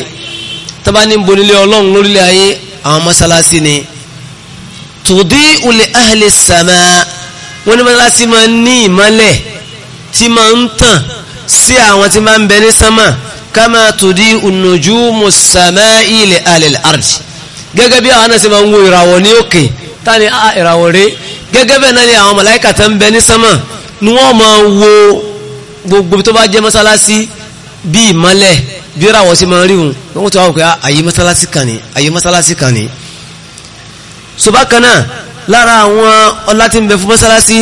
tọ́ba ní bo ilé ọlọ́run lórílẹ̀ ayé àwọn mọ́sálásí ni tòdí ulẹ̀ ahli sàmà wọ́n ní mọ́sálásí máa ń ní ìmọ́lẹ̀ tí máa ń tàn sí àwọn tí máa ń bẹ ní sánmà kama tòdí unujú musàmà ilẹ̀ alẹ́ àrùn gẹ́gẹ́ bí àwọn náà máa ń wo ìràwọ̀ ní òkè. Okay ta ni ah, ìràwọ̀ rẹ̀ gẹ́gẹ́ bẹ́ẹ̀ náà ni àwọn màláíkà tó ń bẹ ní sánmà ni wọ́n máa wo gbogbo tó bá jẹ́ mọ́sálásí bí ìmọ́lẹ̀ bí ìràwọ̀ sí máa rí wọn wọ́n tó wà pé ah, àyè mọ́sálásí kan ni àyè mọ́sálásí kan ni. ṣùgbọ́n lára àwọn ọlá tí ń bẹ fún mọ́sálásí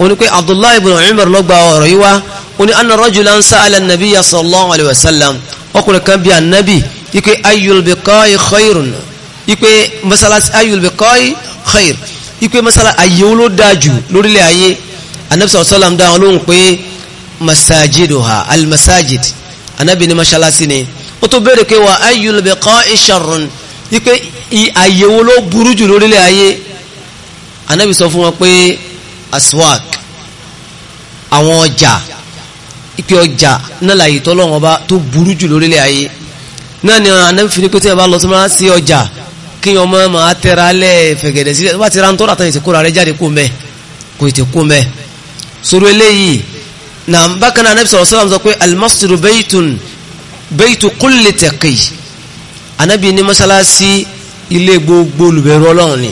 òní pé Abdullahi ibn Umar ló ọ̀rọ̀ yìí wá òní anna rajulan sa'ala an-nabiyya sallallahu alayhi wa sallam ọkùnrin kan bí anabi yìí pé ayyul ipe masalasi ayul bi kọ́ì khair ipe masala ayé wo ló dáa jù lórílẹ̀ ayé anabi sọ̀rọ̀ sọ́lá dáa wọn lóhùn pé masajiduha almasajid anabi ni masalasi ni ó tó béèrè pé wa ayul bi kọ́ì sharrun ipe ayé wo ló burú jù lórílẹ̀ ayé anabi sọ fún wọn pé aswak àwọn ọjà ipe ọjà náà láyé tọ́lọ́wọ́n bá tó burú jù lórílẹ̀ ayé anabi fi ni pé tí a bá lọ kí ọmọ máa tẹ́ra lẹ́ fẹ̀gẹ̀dẹ̀ sílẹ̀ tó bá ti ra ń tọ́ra tán ìsìnkú rẹ̀ jáde kó mẹ́ kò ì kó mẹ́ sọ̀rọ̀ eléyìí na bákan náà anabi sọ̀rọ̀ sọ́wọ́n sọ pé almasiru bẹ́yìtùn bẹ́yìtù kulli taqi ní mọ́ṣáláṣí ilé gbogbo olùbẹ̀rù ọlọ́run ni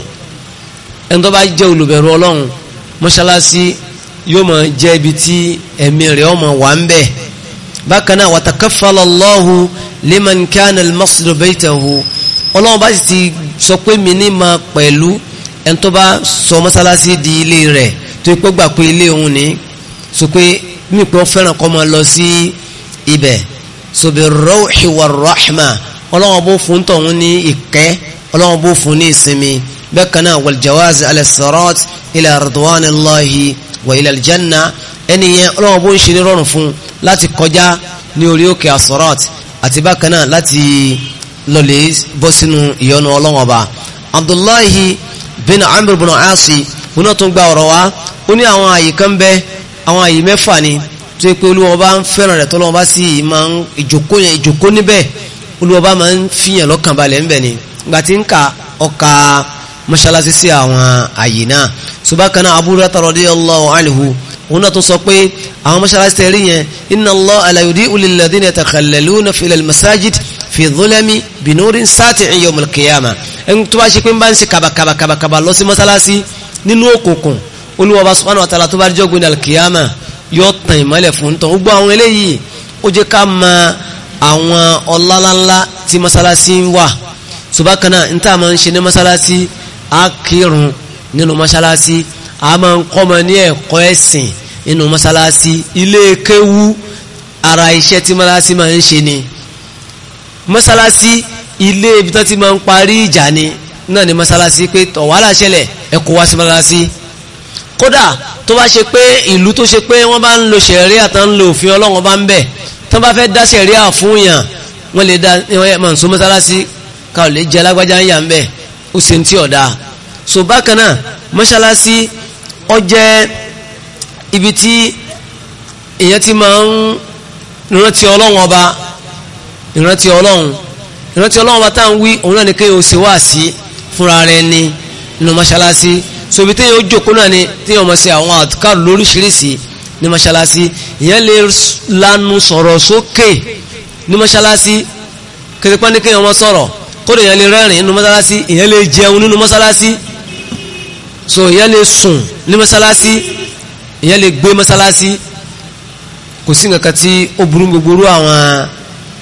ẹni tó bá jẹ́ olùbẹ̀rù ọlọ́run mọ́ṣáláṣí yóò máa jẹ́ ibi tí ẹ̀mí rẹ̀ ọmọ wà ń bẹ̀ bákan náà wàtàkàfàlọ́lọ́hu liman almasiru bẹ́yìtàhu ọlọ́run bá sì ti sọ pé mi ní ma pẹ̀lú ẹni tó bá sọ mọ́sálásí di ilé rẹ̀ tó yẹ kó gbà pé ilé òun ni so pé mi pé wọ́n fẹ́ràn kọ́ máa lọ sí ibẹ̀ so bi rọ́ọ̀hì wà rọ́ọ̀hìmà ọlọ́run bó fún tọ̀hún ní ìkẹ́ ọlọ́run bó fún ní ìsinmi bẹ́ẹ̀ kan náà wal jawaz ala sirat ila ridwanillahi wa ila aljanna ẹni yẹn ọlọ́run bó ń ṣe ní rọrùn fún láti kọjá ní orí òkè asirat àti bákan náà láti lọlẹ bọ́ sínú ìyọnu Ọlọ́run ọba abdullahi bin amr bin asi wọn tún gba ọ̀rọ̀ wa ó ní àwọn àyè kan bẹ àwọn àyè mẹ́fà ni tó yẹ pé olúwa bá ń fẹ́ràn rẹ̀ tọ́lọ́wọ́n bá sì máa ń ìjókòó yẹn ìjókòó níbẹ̀ olúwa bá máa ń fiyàn lọ́kàn balẹ̀ ńbẹ̀ ni ìgbà tí ń ka ọkà mọ́ṣáláṣí sí àwọn àyè náà subakana aburata radiyallahu anhu òun náà tó sọ pé àwọn mọ́ṣáláṣí tẹ̀rí yẹn inna Allah la yudi'u lilladhina yatakhallaluna fil masajid fi dhulami binurin sati'in yawmul qiyamah ẹni tó bá ṣe pé ń bá ń ṣe kàbàkàbàkàbà lọ sí mọ́sálásí nínú òkùnkùn Olúwa Ọba subhanahu wa ta'ala tó bá jọ́gbìn alkiyama yóò tàn ìmọ́lẹ̀ fún tán gbogbo àwọn eléyìí ó jẹ́ ká mọ àwọn ọlálánlá tí mọ́sálásí ń wà subakana n tá a ń ṣe ní mọ́sálásí á kírun nínú mọ́sálásí a máa ń kọ́ ní ẹ̀kọ́ ẹ̀sìn nínú mọ́sálásí ilé kéwú ara iṣẹ́ tí mọ́sálásí máa ń ṣe ni mọ́sálásí ilé ibi tó ti máa ń parí ìjà ni náà ni mọ́sálásí pé tọ̀wálà ṣẹlẹ̀ ẹ kó wá sí mọ́sálásí kódà tó bá ṣe pé ìlú tó ṣe pé wọ́n bá ń lo ṣẹ̀ríà àtàn ń lo òfin ọlọ́wọ́n bá ń bẹ̀ tó bá fẹ́ dá ṣẹ̀ríà fún yàn wọ́n lè dá máa ń so mọ́sálásí ká ò lè jẹ́ lágbájá ń yà ń bẹ̀ ó sì ń tí ọ̀dà so bákan náà mọ́sálásí ó jẹ́ ibi tí èèyàn ti máa ń rántí ọlọ́wọ́n ọba ìrántí ọlọ́run ìrántí ọlọ́run bá táwọn wí òun náà ni kéèyàn ó ṣe wá sí fúnra rẹ ni nínú mọ́ṣáláṣí sobi téèyàn ó jókòó náà ni téèyàn ó máa ṣe àwọn àdúkàrò lóríṣiríṣi ní mọ́ṣáláṣí ìyẹn lè lanu sọ̀rọ̀ sókè ní mọ́ṣáláṣí kìrìpá ní kéèyàn ó máa sọ̀rọ̀ kódà ìyẹn lè rẹ́rìn nínú mọ́ṣáláṣí ìyẹn lè jẹun nínú mọ́ṣáláṣí so ìyẹn lè sùn ní mọ́ṣáláṣí ìyẹn lè gbé mọ́ṣáláṣí kò sí nǹkan kan tí ó burú gbogbo àwọn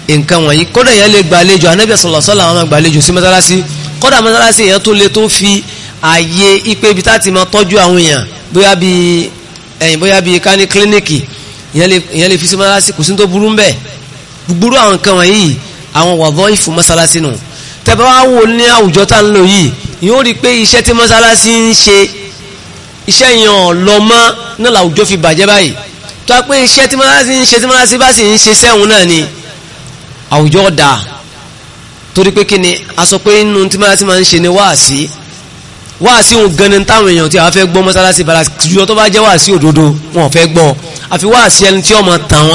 nǹkan wọ̀nyí kódà yẹn lè gbàlejò anábìyà sọ̀lọ̀ sọ́là àwọn gbàlejò sí mọ́sálásí kódà mọ́sálásí yẹn tó le tó fi ààyè ipe ibi tá ti máa tọ́jú àwọn èèyàn bóyá bí ẹ̀yìn bóyá bí ká ní kílíníkì yẹn lè fi sí mọ́sálásí kò sí tó burú ń bẹ̀ gbúgbúrú àwọn nǹkan wọ̀nyí àwọn wàbọ̀ ìfún mọ́sálásí nù tẹ́bá wá wò ní àwùjọ tá ń lò yìí yóò rí pé iṣẹ́ tí mọ́sálásí ń àwùjọ ọ̀dà torí pé kí ni a sọ pé inú tí máa ti máa ń ṣe ni wáàsí wáàsí òun gan ni táwọn èèyàn tí a fẹ́ gbọ́ mọ́sálásí bala jùlọ tó bá jẹ́ wáàsí òdodo wọn fẹ́ gbọ́ àfi wáàsí ẹni tí ọmọ tàn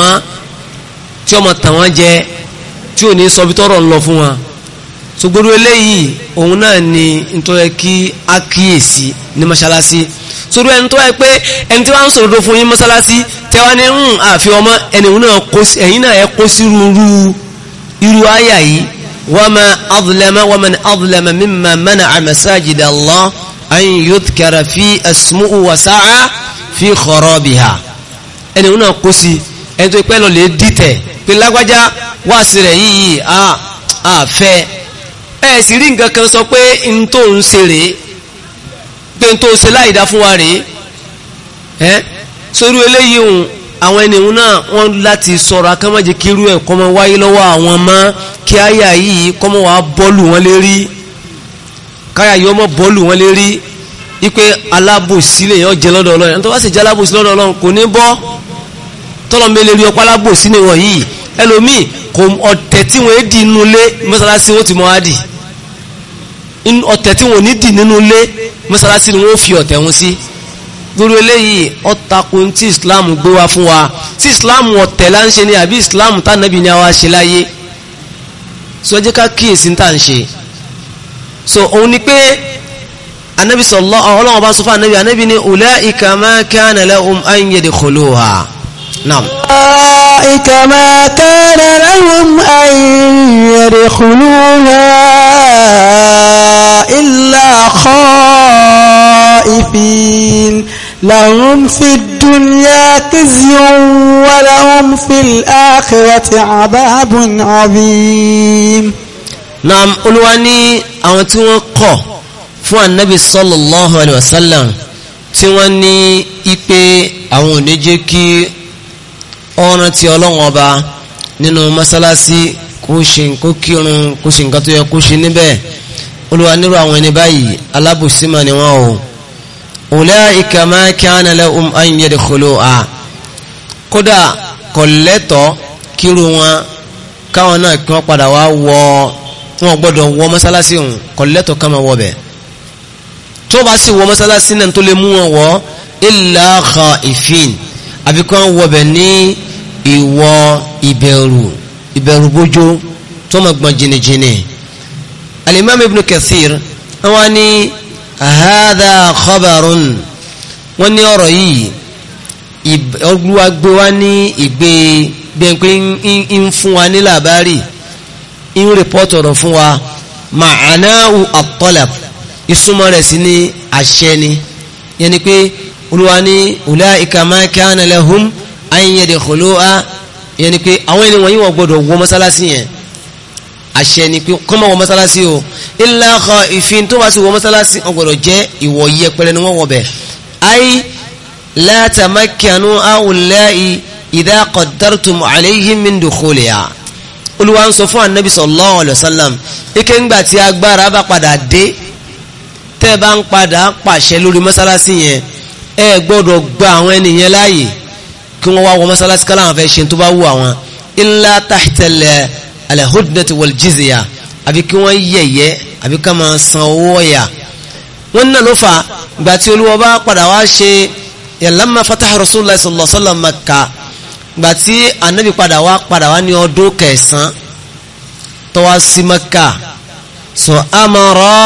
tí ọmọ tàn jẹ tí ò ní sọ bí tọrọ ń lọ fún wọn sogboro eléyìí òun náà ni nítorí kí a kíyèsí ní mọ́sálásí sórí ẹni tó wáyé pé ẹni tí wọ́n ń sòdodo fún yín mọ́sálásí tẹ́wọ́n ní ń hmm, àfi ọmọ ẹni náà ẹ̀yìn náà ẹ irú àyà yìí wama adlama waman adlama mimma mana'a masajid Allah an yudhkara fi asmu'u wa sa'a fi kharabiha ẹni wọn náà kó sí ẹni tó pẹ́ lọ lè dìtẹ̀ pé lágbájá wáàsí rẹ̀ yìí àfẹ́ ẹ̀ sì rí nǹkan kan sọ pé n tó ń ṣe rèé pé n tó ń ṣe láìdá fún wa rèé ẹ́ sórí eléyìí àwọn ènìyàn náà wọ́n láti sọ̀rọ̀ akámájẹ kírú ẹ̀ kọ́mọ wáyé lọ́wọ́ àwọn mọ́ kí àyà yìí kọ́mọ wàá bọ́ọ̀lù wọn lérí káyà yìí ọmọ bọ́ọ̀lù wọn lérí ipe alábòsí lè yọ jẹ lọ́dọ̀ ọlọ́run tó bá sì jẹ alábòsí lọ́dọ̀ ọlọ́run kò ní bọ́ tọ́lọ̀ mẹ́lẹ̀ rí ọpá alábòsí ni wọ̀n yìí ẹlòmíì kò ọ̀tẹ̀ tí wọ́n dì nínú ilé mọ́sálásí wọ́n ti mọ́ àdì ọ̀tẹ̀ tí wọ́n ní dì nínú ilé mọ́sálásí ni wọ́n fi ọ̀tẹ̀ wọn sí lórí eléyìí ó tako tí islam gbé wa fún wa tí islam ọ̀tẹ̀ là ń ṣe ni àbí islam tánàbí ni a wá ṣe láyé sọjẹ́ ká kíyèsí tá à ń ṣe so òun ni pé anabi sallallahu ọlọ́wọ́n bá sọ fún anabi anabi ni ulaika ma kana lahum an yadkhuluha naam. ulaika ma kana lahum an yadkhuluha illa khaifin. لهم في الدنيا خزي ولهم في الآخرة عذاب عظيم نعم ألواني ní àwọn tí wọ́n kọ̀ fún Ànábì sallallahu alaihi wasallam tí wọ́n ní ipe àwọn ò ní jẹ́ kí ọ̀ràn tí Ọlọ́run Ọba nínú mọ́sálásí kó ṣe kó kírun kó ṣe nǹkan tó yẹ kó ṣe níbẹ̀ Olúwa àwọn ẹni báyìí alábòsímà ni wọ́n o ulaika ma kana lahum an yadkhuluha kódà kọ̀lẹ́tọ̀ kírù wọn káwọn náà kí wọ́n padà wá wọ wọn gbọ́dọ̀ wọ mọ́sálásí òun kọ̀lẹ́tọ̀ ká máa wọ bẹ̀ tó bá sì wọ mọ́sálásí náà tó lè mú wọn wọ illa khaifin àbí kí wọ́n wọ bẹ̀ ní ìwọ ìbẹ̀rù ìbẹ̀rù bójó tó máa gbọ́n Al-Imam Ibn Kathir wọn hadha khabarun wọ́n ní ọ̀rọ̀ yìí olúwa gbé wá ní ìgbé gbẹ̀ngbẹ̀ ń fún wa ní làbárì ń rìpọ́tù ọ̀rọ̀ fún wa ma'anahu at-talab ìsúnmọ́ rẹ̀ sí ní àṣẹ yẹn ni pé olúwa ní ulaika ma kana lahum an yadkhuluha yẹn ni pé àwọn ènìyàn yìí wọ́n gbọ́dọ̀ wọ mọ́sálásí yẹn àṣẹ ni pé kọ́mọ wọ mọ́sálásí o illa khaifin tó bá sì wọ mọ́sálásí ó gbọ́dọ̀ jẹ́ ìwọ̀ yẹpẹrẹ ni wọ́n wọ bẹ̀. ayi la tamakkanu awulayi idha qaddartum alayhim min dukhuliha. olúwa ń sọ fún anabi sallallahu alayhi wa sallam ike tí agbára bá padà dé tẹ́ bá ń padà pàṣẹ lórí mọ́sálásí yẹn ẹ gbọ́dọ̀ gba àwọn ènìyàn láàyè kí wọ́n wá wọ mọ́sálásí kálá àwọn fẹ́ ṣe tó bá wù àwọn illa tahtal alahudunati wal jizya àbí kí wọ́n yẹ̀yẹ́ àbí ká máa san owó ọ̀yà wọ́n náà ló fà gbà tí olúwa bá padà wá ṣe yàlámà fataha rasulullah sallallahu alaihi wasallam Makkah gbà tí anabi padà wá padà wá ní ọdún kẹsàn-án tó wá sí Makkah so amara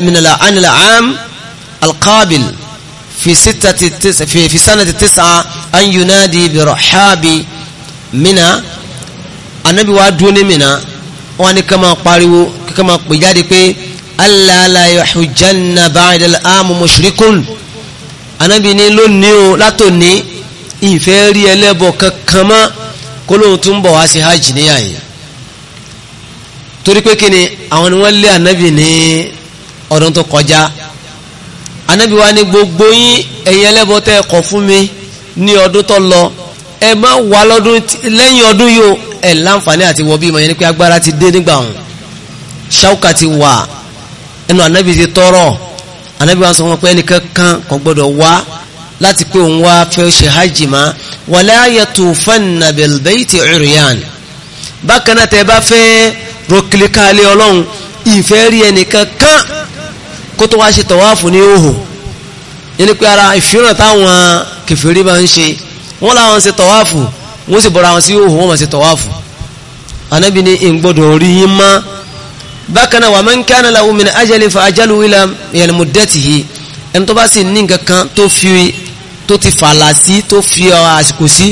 minala anila am alqabil fi tis'a an yunadi bi rahabi mina anabi wa dúró ní Mina wọn ni ká máa pariwo ká pè jáde pé alla la yahujjanna ba'da al-amu mushrikun anabi ni lónìí o látòní ìfẹ́ rí ẹlẹ́bọ̀ kankan mọ́ kó lóun tún bọ̀ wá sí hajj níyà yìí torí pé kíni àwọn ni wọ́n lé anabi ní ọdún tó kọjá anabi wa ni gbogbo yín ẹ̀yin ẹlẹ́bọ̀ tẹ́ ẹ kọ̀ fún mi ní ọdún tó lọ ẹ má wà lọ́dún lẹ́yìn ọdún yìí o ẹ̀ láǹfààní àti wọ bímọ yẹn ni pé agbára ti dé nígbà wọn ṣáùkà ti wà ẹnu ànábì ti tọrọ ànábì wa sọ wọn pé ẹnìkan kan kò gbọdọ̀ wá láti pé òun wá fẹ́ ṣe hajj ma wala yatufanna bil bayti uriyan bákan náà tẹ́ bá fẹ́ rọkìlíkàlẹ̀ ọlọ́run ìfẹ́ rí ẹnìkan kan kó tó wá ṣe tọ̀wáàfù ní òhò yẹn ni pé ara ìfihàn táwọn kẹfìrí máa ń ṣe wọ́n láwọn ṣe tọ̀wáàfù wọ́n sì bọ́ra wọn sí òhun wọ́n mọ̀ sí tọ̀wáfù anábì ní ìgbọ́dọ̀ rí yín má bákan náà wà man kana lahu min ajalin fa ajalu ila yẹn muddatihi ẹni tó bá sì ní nǹkan kan tó fi tó ti fàlà sí tó fi àsìkò sí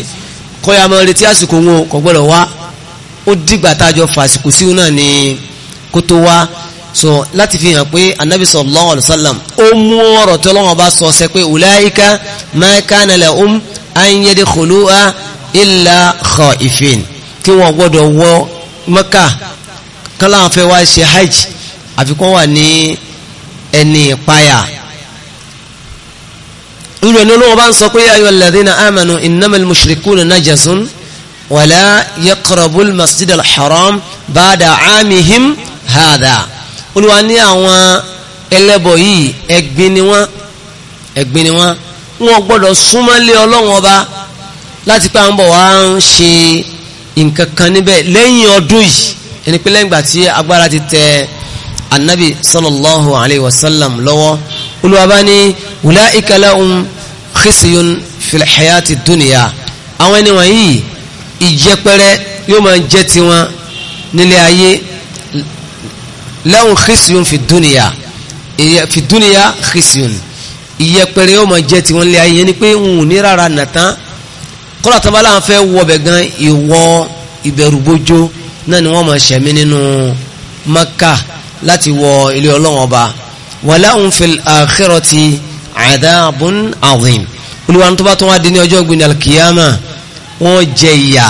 kọ́ya máa retí àsìkò wọn kò gbọ́dọ̀ wá ó dìgbà tá a jọ fàsìkò sí náà ni kó tó wá so láti fi hàn pé anabi sallallahu alayhi wa sallam ó mú ọ̀rọ̀ tí ọlọ́wọ́n bá sọ ṣẹ pé ulaika ma kana lahum an yadkhuluha illa khaifin kí wọ́n gbọ́dọ̀ wọ mẹ́kà kán láwọn fẹ́ wá ṣe hajj àfikún wà ní ẹni ìpayà irú ẹni olóhùn bá ń sọ pé ya ayyuhal ladhina amanu innamal mushrikuna najasun wala yaqrabul masjid al-haram ba'da amihim hadha olúwa ní àwọn ẹlẹ́bọ̀ yìí ẹ̀gbin ni wọ́n ẹ̀gbin ni wọ́n wọ́n gbọ́dọ̀ súnmọ́lé ọlọ́run ọba láti pé à ń bọ̀ wá ń ṣe nǹkan kan níbẹ̀ lẹ́yìn ọdún yìí ẹni pé lẹ́yìn ìgbà tí agbára ti tẹ anabi sallallahu alayhi wa sallam lọ́wọ́ Olúwa bá ní ulaika lahum khisyun fil hayati dunya àwọn ẹni wọ̀nyí ìjẹpẹrẹ yóò máa jẹ́ tiwọn nílé ayé lahum khisyun fi dunya fi dunya khisyun ìyẹpẹrẹ yóò máa jẹ́ tiwọn nílé ayé yẹn pé ń wù ní rárá nàtán kọ́lá tó bá láwọn fẹ́ wọbẹ̀ gan ìwọ ìbẹ̀rùbójó náà ni wọ́n máa ṣẹ̀mí nínú maka láti wọ ilé ọlọ́wọ́n ọba walahum fil akhirati adhabun azim olùwà tó bá tún wá di ní ọjọ́ ìgbìn alkiyama wọ́n jẹ ìyà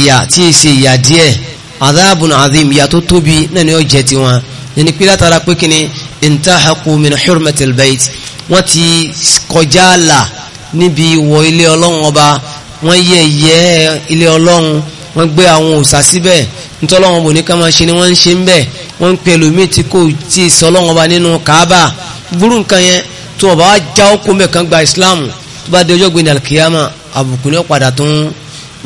ìyà tí ì ṣe ìyà díẹ̀ adhabun azim ìyà tó tóbi náà ni ó jẹ tiwọn yẹni pé látara pé kíni intahaqu min hurmatil bayt wọ́n ti kọjá là níbi ìwọ̀ ilé ọlọ́run ọba wọ́n yẹ ìyẹ́ ilé ọlọ́run wọ́n gbé àwọn òòṣà síbẹ̀ ntọ́lọ́run bò ní ká máa ṣe ni wọ́n ń ṣe ń bẹ̀ wọ́n ń pe ẹlòmíì tí kò tí ì sọ ọlọ́run ọba nínú kaaba burú nǹkan yẹn tó ọba wa já ọkọ mẹ́kan gba islam tó bá dé ọjọ́ gbé ní alikiyama àbùkù ní ọ̀padà tó ń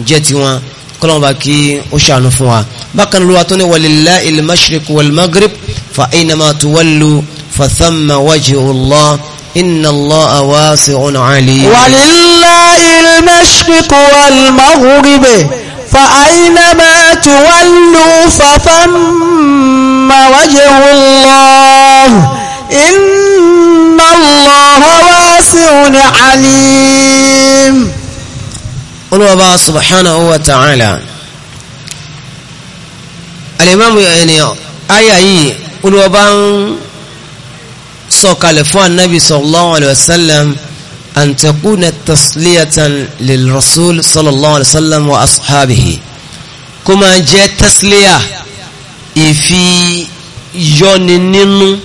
jẹ́ tiwọn kọ́lọ́run bá kí ó ṣàánú fún wa bákan ló wa tó ní walillahil mashriq wal maghrib fa aynama tuwallu fa thamma wajhullah إن الله واسع عليم ولله المشرق والمغرب فأينما تولوا فثم وجه الله إن الله واسع عليم قل subhanahu سبحانه وتعالى الإمام يعني آية أي أي olúwọba ń sọ̀kalẹ̀ fún anabi sallallahu alayhi wa sallam an takuna tasliyatan lil rasul sallallahu alayhi wa sallam wa ashabihi kó máa jẹ́ tasliya ìfi yọni nínú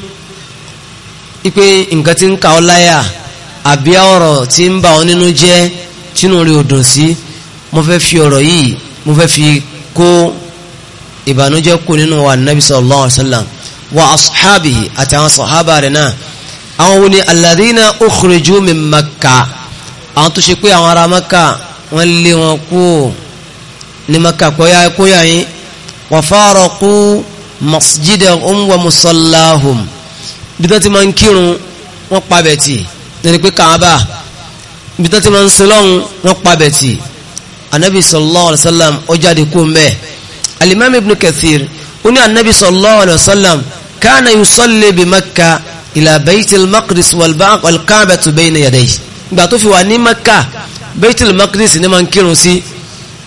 ipe nǹkan tí ń ka ọ láyà àbí ọ̀rọ̀ tí ń bà ọ nínú jẹ́ tínú rí odùn sí mo fẹ́ fi ọ̀rọ̀ yìí mo fẹ́ fi kó ìbànújẹ́ kù nínú wa nabi sallallahu alayhi wa ashabihi àtàwọn sahaba rẹ̀ náà àwọn wo ni alladhina ukhriju min makka àwọn tó ṣe pé àwọn ará makka wọ́n lé wọn kú ní makka kóyá kóyá yín wa faraqu masjidahum wa musallahum bí tó ti máa ń kírun wọ́n pa bẹ̀tì nínú pé kàábà bí ti máa ń sin wọ́n pa bẹ̀tì anabi sallallahu alayhi wa sallam ó jáde kú mbẹ́ alimami ibn kathir ó ní anabi sallallahu alayhi wa sallam kana yusalli bi makka ila baitil maqdis wal kaabatu bayna yadayhi ìgbà tó fi wà ní makka baitil maqdis ni máa ń kírun sí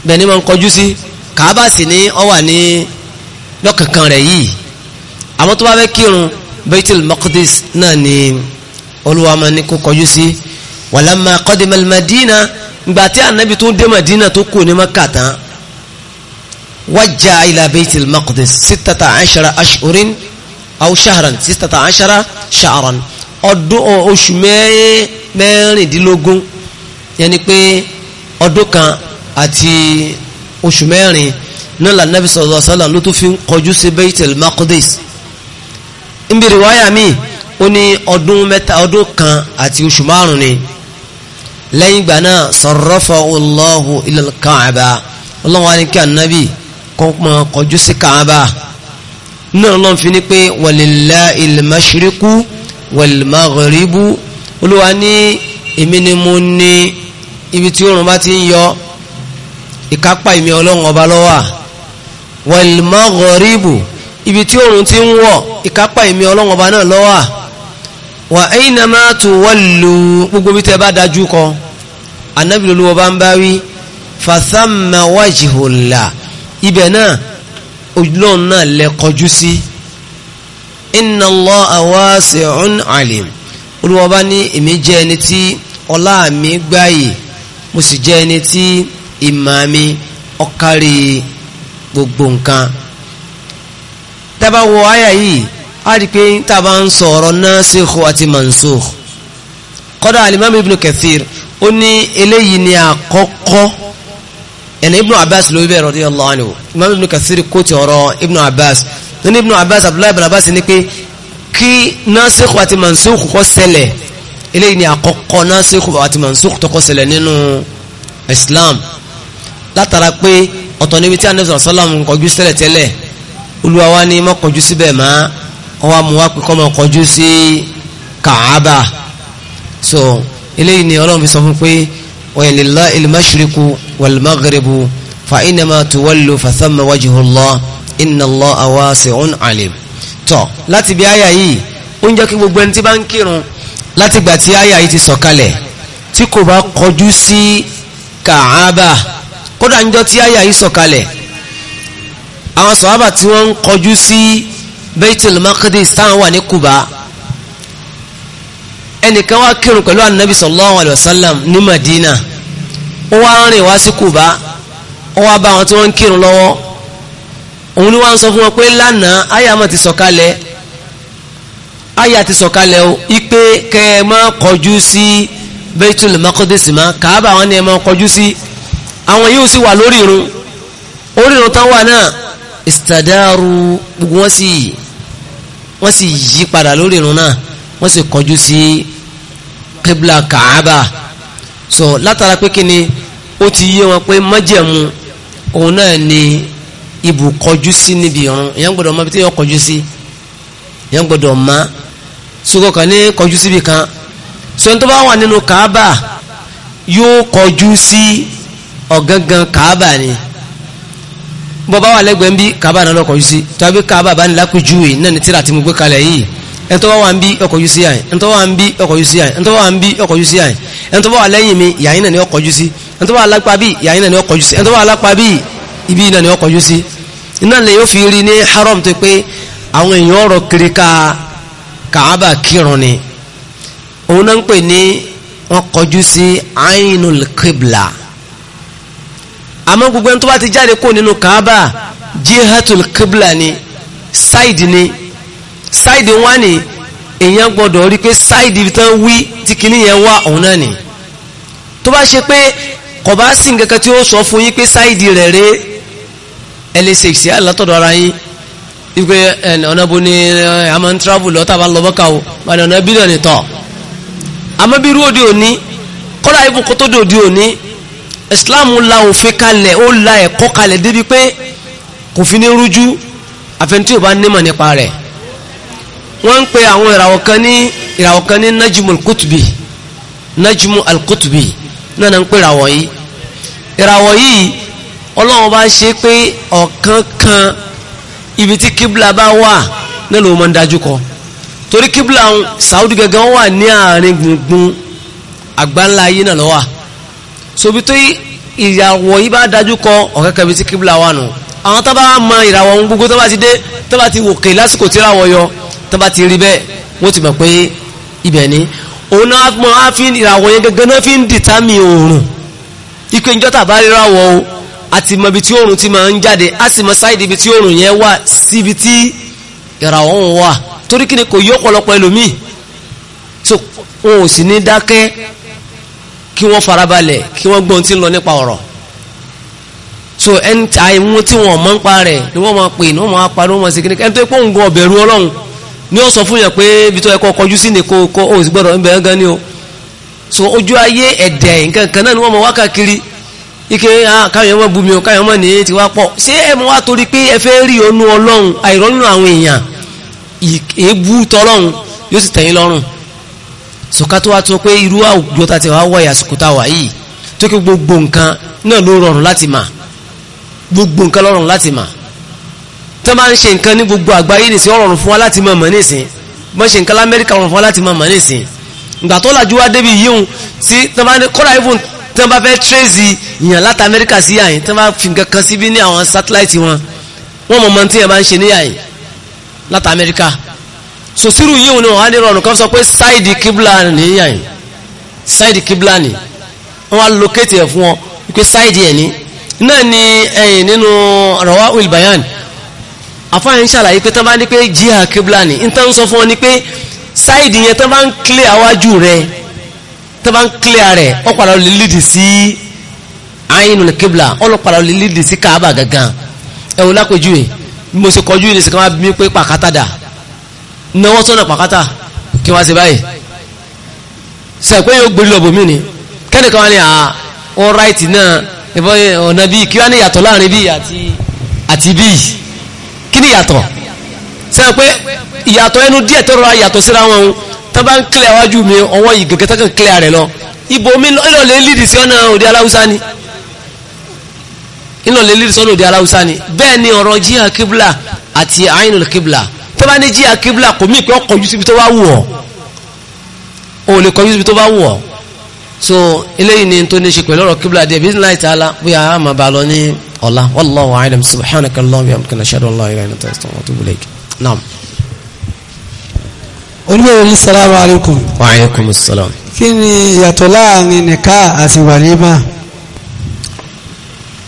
bẹ́ẹ̀ ni máa ń kọjú sí kaaba sì ni ó wà ní lọ́kankan rẹ̀ yìí àmọ́ tó bá fẹ́ kírun baitil maqdis náà ni olúwa máa ní kó kọjú sí walamma qadimal madina tí anabi tó dé madina tó kù ní makka tán وجه إلى بيت المقدس ستة عشر أشهر أو شهرا ستة عشر شهرا ọdún oṣù mẹ́rìndínlógún yẹni pé ọdún kan àti oṣù mẹ́rin náà la nabi sallallahu alaihi wasallam ló tó fi ń kọjú sí baitul maqdis ń bèrè wáyà mi ó ní ọdún mẹ́ta ọdún kan àti oṣù márùn ni lẹ́yìn ìgbà náà sarrafahu Allahu ilal Ka'ba ọlọ́wọ́n á ní kí ànábì kọ́ máa kọjú sí Kaaba náà lọ́n fi ní pé walillahi al-mashriqu wal-maghribu olúwa ní èmi ni mo ní ibi tí oòrùn bá ti ń yọ ìkápá ìmí ọlọ́run ọba lọ́wà wal-maghribu ibi tí oòrùn ti ń wọ̀ ìkápá ìmí ọlọ́run ọba náà lọ́wà wà aynama tuwallu gbogbo bí tẹ bá dájú kọ anábìlélúwọ bá ń bá wí fathamma wajhullah ibẹ̀ náà ojúlọ́run náà lẹ kọjú sí inna Allaha wasi'un alim olúwa bá ní èmi jẹ́ ẹni tí ọlá mi gbáyè mo sì jẹ́ ẹni tí ìmọ̀ mi ọ̀kárí gbogbo nǹkan tábà wọ àyà yìí a pé tábà ń sọ̀rọ̀ nasikhu àti mansukh kọ́dà alimami ibn Kathir ó ní eléyìí ni àkọ́kọ́ ẹni ibnu abbas ló bẹ̀rẹ̀ radiyallahu anhu imam ibnu kathir kó ti ọ̀rọ̀ ibnu abbas nínú ibnu abbas abdullahi ibn abbas ni pé kí nasikh àti mansukh kọ́kọ́ ṣẹlẹ̀ eléyìí ni àkọ́kọ́ nasikh àti mansukh tọ́kọ́ ṣẹlẹ̀ nínú islam látara pé ọ̀tọ̀ níbi tí anabi sàlám kọjú sílẹ̀ tẹ́lẹ̀ olúwa wa ni má kọjú síbẹ̀ má ọwọ́ mu wá pé kọ́ máa kọjú sí kàába so eléyìí ni ọlọ́run fi sọ fún pé. ولله المشرق والمغرب فإنما تولوا فثم وجه الله إن الله واسع عليم tó láti bí àyà yìí ó ń jẹ́ kí gbogbo ẹni tí bá ń kírun láti gbà tí àyà yìí ti sọ̀kalẹ̀ tí kò bá kọjú sí kàába kódà níjọ́ tí àyà yìí sọ̀kalẹ̀ àwọn sọ̀hábà tí wọ́n ń kọjú sí Baitul Maqdis táwọn wà ní Kùbá ẹnìkan wá kírun pẹ̀lú anabi sallallahu alayhi wa sallam ní madina ó wá rìn wá sí kuba ó wá bá àwọn tí wọ́n kírun lọ́wọ́ òun ni wọ́n sọ fún wọn pé lánàá àyà mà ti sọ̀kalẹ̀ àyà ti sọ̀kalẹ̀ o ipe kẹ ẹ máa kọjú sí baitul maqdis ma kàábà wọn ni ẹ máa kọjú sí àwọn yóò sì wà lórí irun orí irun tán wà náà istadaru gbogbo wọn sì yí padà lórí irun náà wọ́n sì kọjú sí kíbla kàába so látara pé kí ni ó ti yé wọn pé májẹ̀mú òun náà ni ibù kọjú sí níbi ìrun èèyàn gbọ́dọ̀ mọ ibi tí èèyàn kọjú sí èèyàn gbọ́dọ̀ mọ sókò kan ní kọjú síbi kan so ní tó bá wà nínú kàába yóò kọjú sí ọ̀gángan kàába ni bọ́ bá wà lẹ́gbẹ̀ẹ́ ń bí kàába náà lọ kọjú sí tàbí kàába bá ní lápèjúwe náà ní tíra tí mo gbé kalẹ̀ yìí ẹni tó bá wà ń bí ọkọ̀ yú sí àyìn ẹni tó bá wà ń bí ọkọ̀ yú sí àyìn ẹni tó bá wà ń bí ọkọ̀ yú sí àyìn ẹni tó bá wà lẹ́yìn mi yàyín náà ni ọkọ̀ yú sí ẹni tó bá wà lápá bí yàyín náà ni ọkọ̀ yú sí ẹni tó bá wà lápá bí ibi náà ni ọkọ̀ yú sí iná lè yóò fi rí ní haram tó pé àwọn èèyàn ọ̀rọ̀ kiri ka kàábà kírun ni òun náà ń pè ní wọn kọjú sí ainul kibla àmọ́ gbogbo ẹni tó bá ti jáde kó nínú kàábà jihatul kibla ni side ni sáìdì wá ní èèyàn gbọ́dọ̀ rí pé sáìdì tán wí tí kìíní yẹn wá òun náà ni tó bá ṣe pé kò bá sí nǹkankan tí ó sọ fún yín pé sáìdì rẹ̀ rẹ̀ ẹ lè ṣe ìṣẹ́ àlátọ̀dọ̀ ara yín wípé ọ̀nà bo ni a máa ń travel lọ tàbá lọ bọ́ka o wà ní ọ̀nà bílíọ̀nù tọ̀ àmọ́ bí irú òde òní kọ́lá ibùn kó tó dé òde òní Islam la òfin kalẹ̀ ó la ẹ̀kọ́ kalẹ̀ débi pé kò fi ní rújú àfẹnití ò bá nímọ̀ nípa rẹ̀ wọ́n ń pe àwọn ìràwọ̀ kan ní ìràwọ̀ kan ní najmu al-qutbi najmu al-qutbi náà náà ń pe ìràwọ̀ yìí ìràwọ̀ yìí ọlọ́run bá ṣe pé ọ̀kan kan ibi tí kíbla bá wà náà ló máa ń dájú kọ torí kíbla Saudi gangan wà ní àárín gbùngbùn àgbáńlá ayé náà lọ́wà sobi tó ìyàwó yìí bá dájú kọ ọ̀kan kan ibi tí kíbla wà nù àwọn tó bá mọ ìràwọ̀ ohun gbogbo tó bá ti dé tó bá ti wòkè lásìkò tí ìràwọ̀ yọ tó bá ti rí bẹ́ẹ̀ wọ́n ti mọ̀ pé ibẹ̀ ni òun náà mọ̀ á fi ìràwọ̀ yẹn gẹ́gẹ́ náà fi ń dìtámì oòrùn ike ìjọ tàbá ríràwọ̀ o àti mọ ibi tí oòrùn ti máa ń jáde á sì mọ sáìdì ibi tí oòrùn yẹn wà síbi tí ìràwọ̀ ń wà torí kí ni kò yí ọ̀pọ̀lọpọ̀ ẹlòmíì so wọn ò sì ní dákẹ́ kí wọ́n farabalẹ̀ kí wọ́n gbọ́n tí lọ nípa ọ̀rọ̀ so ẹni àìmú tí wọ́n mọ̀ ń pa rẹ̀ ni wọ́n máa pè ní wọ́n máa parí wọ́n máa ṣe kíni ẹni tó ń gun ọ̀bẹ̀rù ọlọ́run ni ó sọ fún yàn pé ibi tó yẹ kó kọjú sí ni kó kó o sì gbọ́dọ̀ ń bẹ̀rẹ̀ gan ni o so ojú ayé ẹ̀dẹ̀ nǹkan kan náà ni wọ́n mọ wákàkiri ike ah, káyọ̀ mọ̀ bumi o káyọ̀ mọ̀ ní ti wá pọ̀ ṣé ẹ mọ̀ wá torí pé ẹ fẹ́ rí onú ọlọ́run àìrọ́ nínú àwọn èèyàn èébú tọlọ́run yóò sì tẹ̀yìn lọ́rùn sọ̀ká tó wá tó pé irú àwùjọ tá ti wá wọ̀ àsìkò wà yìí tó kí gbogbo nǹkan náà ló rọrùn láti mà gbogbo nǹkan ló rọrùn láti mà tó máa ń ṣe nǹkan ní gbogbo àgbáyé nìsín ọ̀rọ̀ fún wa láti mọ̀ mọ̀ nìsín bọ́ ṣe nǹkan lamẹ́ríkà ọ̀rọ̀ fún wa láti mọ̀ mọ̀ nìsín ìgbà tó làjú wá débi yíhun sí kọ́ra even tí wọ́n bá fẹ́ tírèsì ìyàn láti amẹ́ríkà sí àyìn tí wọ́n bá fi nǹkan kan síbí ní àwọn sátáláìtì wọn wọ́n mọ̀ mọ̀ tí yẹn bá ń ṣe ní àyìn láti amẹ́ríkà so yíhun ni wọ́n á ní rọrùn kan sọ pé sáìdì kíbla ní àyìn kíbla ni wọ́n á lókètì ẹ̀ fún ọ pé sáìdì ẹ̀ ní náà ni ẹ̀yìn nínú rawa wilbayan àfáà ń ṣàlàyé pé tán bá ní pé jíà kíbla ní ń tán sọ fún ọ ní pé sáìdì yẹn tán bá ń clear àwájú rẹ tán bá ń clear rẹ ọ padà lè lídì sí àyínú kíbla ọ lọ padà lè lídì sí káàbà gangan ẹ wò lápẹjù yìí bí mo ṣe kọjú yìí nìṣẹ́ kí wọ́n bí pé pàkátà dà náwó sọ́nà pàkátà kí wọ́n ṣe báyìí sẹ́pẹ́ yóò ni kẹ́nìkan wọn ni àwọn ráìtì náà ọ̀nà bíi kí wọ́n ní yàtọ̀ láàrin kí ni yàtọ̀ sẹ́yìn pé ìyàtọ̀ ẹnu díẹ̀ tó rọra yàtọ̀ síra wọn o tó bá ń kílẹ̀ wájú mi ọwọ́ yìí gẹ̀gẹ́ tẹ́kàn kílẹ̀ rẹ̀ lọ ibo mi ńlọ lè lídì sí ọ̀nà òde aláwùsá ni ńlọ lè lídì sí ọ̀nà òde aláwùsá ni bẹ́ẹ̀ ni ọ̀rọ̀ jíhà kíbla àti àyìnlò kíbla tó bá ní jíhà kíbla kò mí ìpè ọkọ̀ ojú tó bá wù ọ́ so eléyìí ni tó ní ṣe pẹ̀lú ọ̀rọ̀ kíbla díẹ̀ bí láì ta la bóyá a máa bá a lọ ní ọ̀la wallahu a'lam subhanaka allahumma wa bihamdika ashhadu an la ilaha illa anta astaghfiruka wa atubu ilayk naam. olùbẹ̀rẹ̀ ní salamu alaykum. wa alaykum salam. kí ni ìyàtọ̀ láàrin nìka àti wàlímà.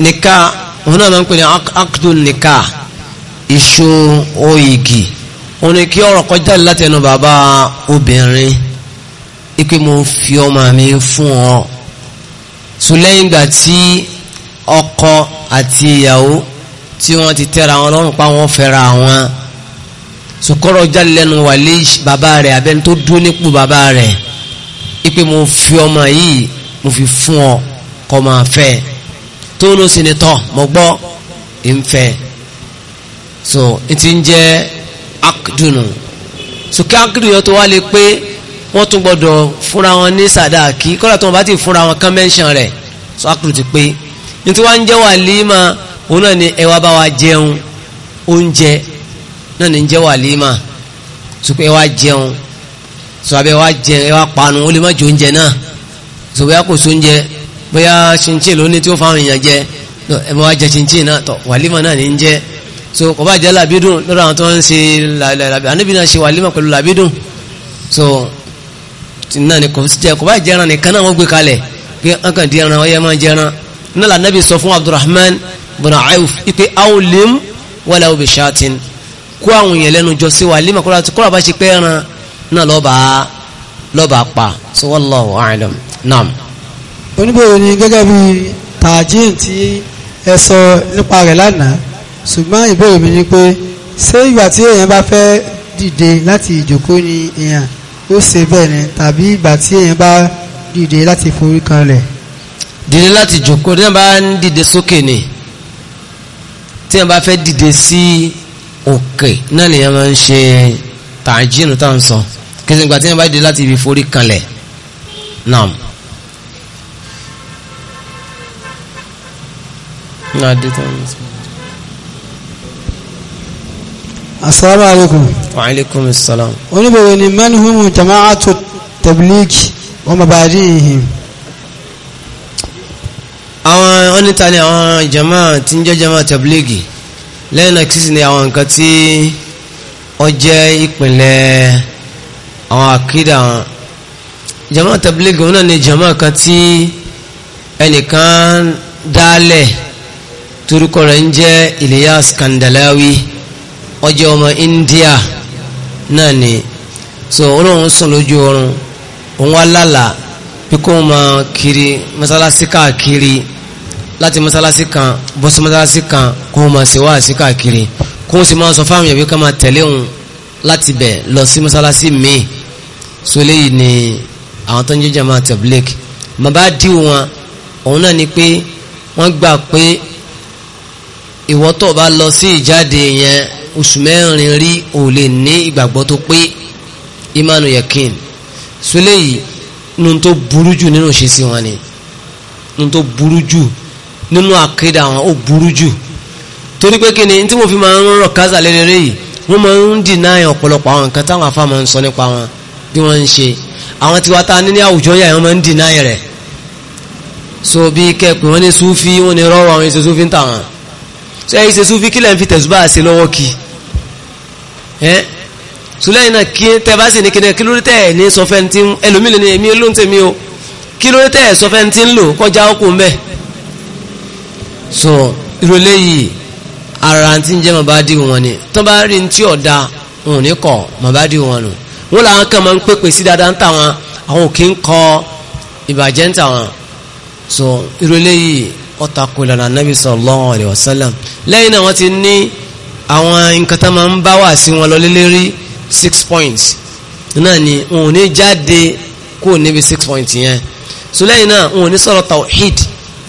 nìka òun náà máa ń pè ní akdun nìka ìṣó oyigi òun kí ọ̀rọ̀ kọjá láti ẹnu bàbá obìnrin ipe mo fi ọmọ mi fún ọ so lẹ́yìn ìgbà tí ọkọ àti ìyàwó tí wọ́n ti tẹ́ra wọn lọ́rùn pa wọ́n fẹ́ra wọn so kọ́rọ̀ jáde lẹ́nu wàlẹ́ bàbá rẹ̀ abẹ́ni tó dúró nípò bàbá rẹ̀ ipe mo fi ọmọ yìí mo fi fún ọ kọ́ máa fẹ́ tó ló sì ní tọ́ mo gbọ́ ìfẹ́ so ti ń jẹ́ akdunu so kí akdunu yẹn tó wá lè pé wọ́n tún gbọ́dọ̀ fúnra wọn ní sàdáàkì kọ́lá tó wọn bá ti fúnra wọn kán mẹ́ńsàn rẹ̀ sọ àkùrù ti pé nítorí wọ́n ń jẹ́ wàlímà òun náà ni ẹ wá bá wa jẹun oúnjẹ náà ni ń jẹ́ wàlímà tó pé ẹ jẹun sọ abẹ́ wa jẹun ẹ panu ó lè má jẹ oúnjẹ náà sọ bóyá kò sóúnjẹ bóyá chinchin ló ní tí ó fáwọn èèyàn jẹ ẹ bá wa jẹ chinchin náà tọ wàlímà náà ni ń jẹ́ so kò bá jẹ́ làbídùn lọ́dọ̀ àwọn tó ń ṣe làbídùn àníbi náà ṣe wàlímà so náà ni kò jẹ kò bá jẹran nìkan náà wọ́n gbé kalẹ̀ pé wọ́n kàn di ẹran ọyẹ́ máa jẹran náà la sọ fún abdulrahman bin auf ipe awlim wala obi shatin kó àwọn èèyàn lẹ́nu jọ sí wa lima kó láti kó làbá ṣe pé ẹran náà lọ́ba lọ́ba pa so wallahu a'lam naam. oníbòrò ni gẹ́gẹ́ bí tajin tí ẹ sọ nípa rẹ̀ lánàá ṣùgbọ́n ìbéèrè mi ni pé ṣé ìgbà tí èèyàn bá fẹ́ dìde láti ìjókòó ni èèyàn yóò ṣe bẹ́ẹ̀ ni tàbí ìgbà tí èèyàn bá dìde láti forí kanlẹ̀. dìde láti jókòó tí wọ́n bá ń dìde sókè ni tí wọ́n bá fẹ́ dìde sí òkè náà nìyẹn máa ń ṣe tàjíìnù táwọn sọ kí ni ìgbà tí wọ́n bá dìde láti ibi forí kanlẹ̀ náà. Nah, dia tak السلام عليكم وعليكم aleykum salaam. oníbẹ̀rẹ̀ ni جماعة humu jamaatu tabligh wa mabadihim. àwọn oníta ni àwọn jama tí ń jẹ́ jama tabligh lẹ́yìn náà kìsì ni àwọn nǹkan tí ó jẹ́ ìpìlẹ̀ àwọn àkídà wọn jama tabligh wọn náà ni jama kan tí ẹnìkan dálẹ̀ torúkọ rẹ̀ ń jẹ́ Ilyas Kandalawi ọjọ́ ọmọ India náà ni so olóhùn sùn lójú oorun òun wá lálà bí kò máa kiri mọ́sálásí káàkiri láti mọ́sálásí kan bọ́ sí mọ́sálásí kan kó máa ṣe wáàsí káàkiri kó sì máa sọ fáwọn èèyàn bí ká máa tẹ̀lé òun láti bẹ̀ lọ sí mọ́sálásí míì so léyìí ni àwọn tó ń jẹ́ jama tabligh màbá díwò wọn òun náà ni pé wọ́n gbà pé ìwọ́tọ̀ bá lọ sí ìjáde yẹn oṣù mẹ́rin rí ò lè ní ìgbàgbọ́ tó pé imanu yakin sólè yìí nu tó burú jù nínú ìṣesí wọn ni nu tó burú jù nínú àkéde àwọn ó burú jù torí pé kí ni tí mo fi máa ń rọ̀ kásà lérere yìí wọ́n máa ń dìnnà ọ̀pọ̀lọpọ̀ àwọn nǹkan táwọn afá máa ń sọ nípa wọn bí wọ́n ń ṣe àwọn tiwa ta ní ní àwùjọ yà wọ́n máa ń dìnnà rẹ̀ so bí kẹ́ẹ̀pẹ́ wọ́n ní súfí wọ́n ní rọ́rọ̀ àwọn èso súfí ń tà wọ́n ṣe é ṣe súfí kílẹ̀ ń fi tẹ̀sùbá ṣe lọ́wọ́ kí ẹ́ sùlẹ́yìn náà kí tẹ́ bá sì ní kíni kí lórí tẹ́ ní sọfẹ́ tí ẹlòmílẹ̀ ní èmi ló ń tèmi o kí lórí tẹ́ sọfẹ́ tí ń lò kọjá ó ń bẹ̀. sọ ìrọ̀lẹ́ yìí ara ti ń jẹ́ màbá dì wọn ni tó bá rí ti ọ̀dà wọn ò ní kọ̀ màbá dì wọn nù wọn làwọn kan máa ń pèpè sí dáadáa ń tà wọn àwọn ò kí ń kọ ìbàjẹ́ ń tà sọ ìrọ̀lẹ́ yìí ọ̀tàkù na anábì sallallahu alaihi wasallam lẹ́yìn náà wọ́n ti ní àwọn nǹkan tó máa ń bá wà sí wọn lọ lélẹ́rí six points náà ni wọn ò ní jáde kó níbi six points yẹn so lẹ́yìn náà wọn ò ní sọ̀rọ̀ tawhid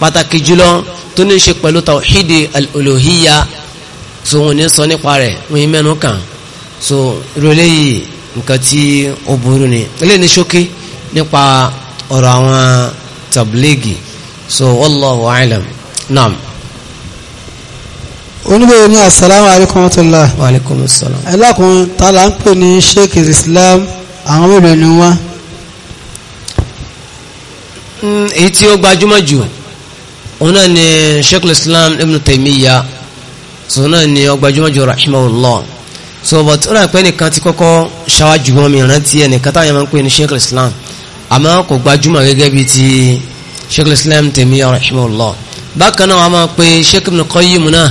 pàtàkì jùlọ tó ní ṣe pẹ̀lú tawhid al so wọn ò ní sọ nípa rẹ̀ wọn ì mẹ́nu kàn so ìrọ̀lẹ́ yìí nǹkan tí ó burú ni eléyìí ní ṣókí nípa ọ̀rọ̀ àwọn tablighi so wallahu alam naam. oníbẹ̀rẹ̀ ní asalaamu alaykum wa rahmatulah. wa alaykum salaam. ẹlẹ́kùn ta la ń pè ní sheikh islam àwọn mélòó ni wọ́n. Hmm, èyí tí ó gbajúmọ̀ jù òun náà ni sheikh islam ibn taymiya so náà ni ó gbajúmọ̀ jù rahimahullah so but ó rà pé nìkan ti kọ́kọ́ ṣáwájú wọn mi rántí ẹnìkan táwọn yẹn máa ń pè ní sheikh islam àmọ́ kò gbajúmọ̀ gẹ́gẹ́ bíi ti sheikh islam tèmíyà rahimahullah bákan náà wọ́n máa pe sheikh ibn qayyim náà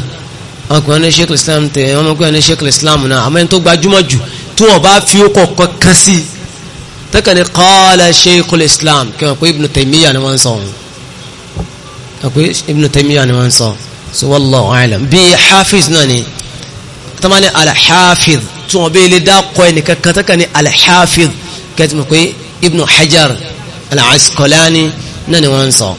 wọ́n pe ní sheikh islam tèmíyà wọ́n pe ní sheikh islam náà àmọ́ ẹni tó gbajúmọ̀ jù tí wọ́n bá fi ókọ̀ kankan sí i tẹ́kẹ̀ ní qala sheikh islam kí wọ́n pe ibn tèmíyà ni wọ́n ń sọ wọ́n pe ibn tèmíyà ni wọ́n ń sọ so wallahu a'lam bí hafiz náà ni tọ́mọ́ alhafiz tí wọ́n bẹ́ẹ̀ lè dákọ̀ ẹnìkan kan tẹ́kẹ̀ ní alhafiz kẹ́tìmọ̀ pé ibn hajar al náà ni sọ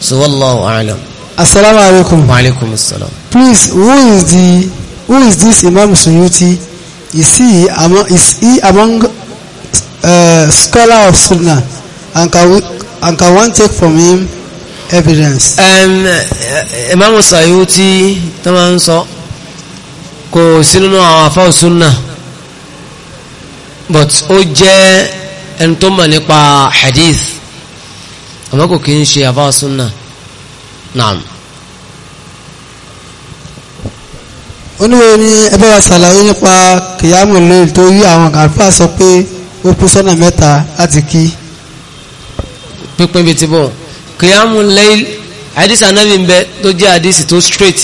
so a'lam. asalaamu alaykum. salaam. please who is the who is this Imam Suyuti is he among is he among uh, scholar of Sunnah and can we, and can one take from him evidence. Um, Imam Suyuti tó máa ń sọ kò sí nínú àwọn afáwọ̀ Sunnah but ó jẹ́ ẹni tó mọ̀ nípa hadith àmọ́ kò kí ń ṣe àbá súnà naam. oníwèé ni ẹbẹ́ wa ṣàlàyé nípa kìyàmù lóyún tó yí àwọn àlùfáà sọ pé ó kú sọ́nà mẹ́ta láti kí. pínpín bíi ti bọ̀ kìyàmù lẹ́yìn àdìsí anábì ń bẹ tó jẹ́ àdìsí tó straight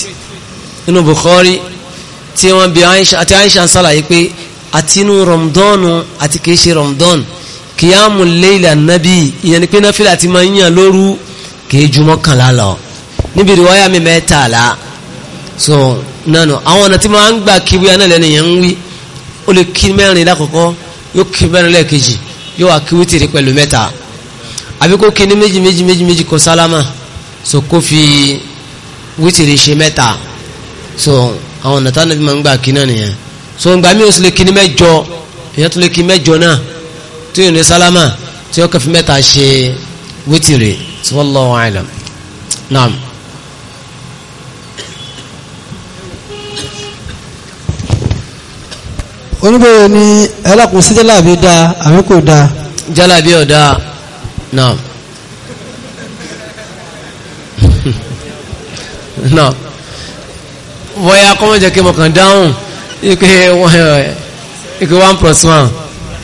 nínú Bukhari tí wọ́n bí àti Aisha ń ṣàlàyé pé àtinú rọ̀mdọ́ọ̀nù àti kìí ṣe rọ̀mdọ́ọ̀nù kìyàmù léyìlà nabi ìyẹn ni pé náfìlà ti máa ń yàn lóru kìí ju mọ́kànlá lọ níbi ìrìwáyà mi mẹ́tàlá so nánu àwọn ọ̀nà tí máa ń gbà kíwí aná lẹ́nu yẹn ń wí ó lè kí mẹ́rin lákọ̀ọ́kọ́ yóò kí mẹ́rin lẹ́ẹ̀kejì yóò wá kíwí tìrì pẹ̀lú mẹ́ta àbí kó kí ní méjì méjì méjì méjì kó sálámà so kó fi wítìrì ṣe mẹ́ta so àwọn ọ̀nà táwọn ọ̀nà bí máa ń gbà kí náà nìyẹn so ìgbà mi ò sì lè kí ní mẹ́jọ ìyẹn tó lè kí mẹ́jọ náà tí ò ní sálámà tí ó kẹfì mẹ́ta ṣe wítìrì tí wallahu a'lam naam. oníbẹ̀rẹ̀ ni ẹlẹ́kùn sí jálàbí dáa àbí kò dáa. jálàbí ò dáa naam. [LAUGHS] naam bóyá kọ́mọ̀jẹ̀ kí mo kàn dáhùn ike one plus one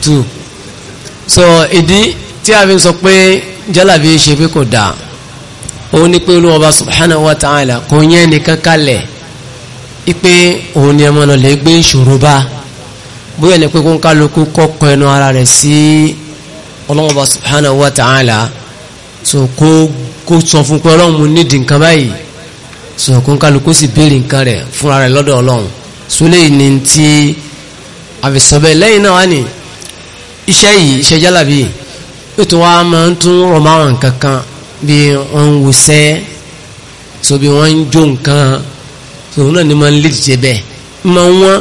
two so ìdí tí a fi sọ pé jálàbí ṣe pé kò dáa òun ni pé olúwọba subhanahu wa ta'ala kò yẹn nìkan kalẹ̀ ipe òun ni ọmọ náà lè gbé ìṣòro bá bóyá ni pé kó ń kálukú ẹnu ara rẹ̀ sí ọlọ́wọba subhanahu wa ta'ala so kó kó sọ fún pé ọlọ́run mo nídìí nǹkan báyìí so kó ń kálukú sì béèrè nǹkan rẹ̀ fúnra rẹ̀ lọ́dọ̀ ọlọ́run so léyìí ni ti àfìsọ́bẹ̀ lẹ́yìn náà wá nìyí iṣẹ́ yìí iṣẹ́ jálàbí ètò wa máa ń tún rọmọ àwọn nǹkan bí wọ́n ń wusẹ́ so bí wọ́n ń jó nǹkan so òun náà ni máa ń lè dìde bẹ́ẹ̀ máa ń wọ́n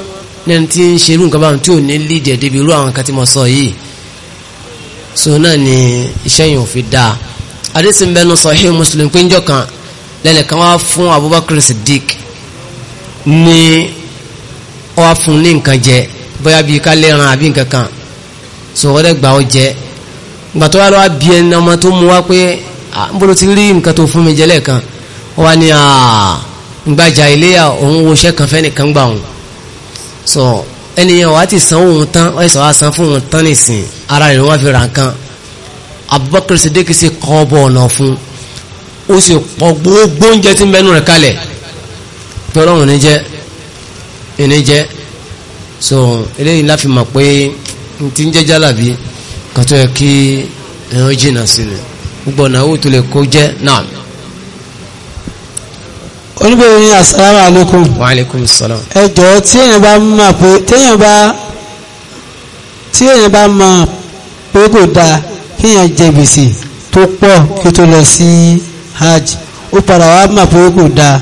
lẹ́nu tí ń ṣerú nǹkan báwọn tí ò ní lè dìde débi irú àwọn nǹkan tí sọ yìí so náà ni iṣẹ́ yìí ò fi dáa adésìnbẹ́nu Sahih Muslim péjọ kan lẹ́nìkan wá fún Abubakar Siddiq ní wá fún ní nǹkan jẹ bóyá bíi ká lẹ́ran àbí nǹkan kan so wọ́n dẹ̀ gbà ọ jẹ gbà tó wá lọ́wọ́ bí ẹni ọmọ tó mú wá pé bolo ti rí nǹkan tó fún mi jẹ lẹ́ẹ̀kan wá ní gbàjà iléyà òun wo iṣẹ́ kan fẹ́nìkan gbà òun so ẹnìyàn wàá ti san òun tán ọ̀ ẹ̀sọ̀ wá san fún òun tán nìsín ara rẹ̀ wọ́n fi ra nǹkan Abubakar Siddiq sì kọ́ bọ̀ ọ̀nà fún ó sì pọ̀ gbogbo oúnjẹ tí ń bẹnu rẹ̀ kalẹ̀ pẹ̀lú ọ̀run ní jẹ́ ìní jẹ́ so eléyìí láfi mọ̀ pé. tí ń jẹ́ jálàbí kan tó yẹ kí ẹ̀hàn jìnà sí gbogbo ọ̀nà owó tó lè kó jẹ náà. oníbẹ̀rẹ̀ ni asalaamu alaykum. wa alaykum salaam. ẹ jọ̀ọ́ tí èèyàn bá máa pé tí èèyàn bá kí èèyàn jẹ gbèsè tó pọ̀ kí tó lọ sí hajj ó padà wá máa pé kò dáa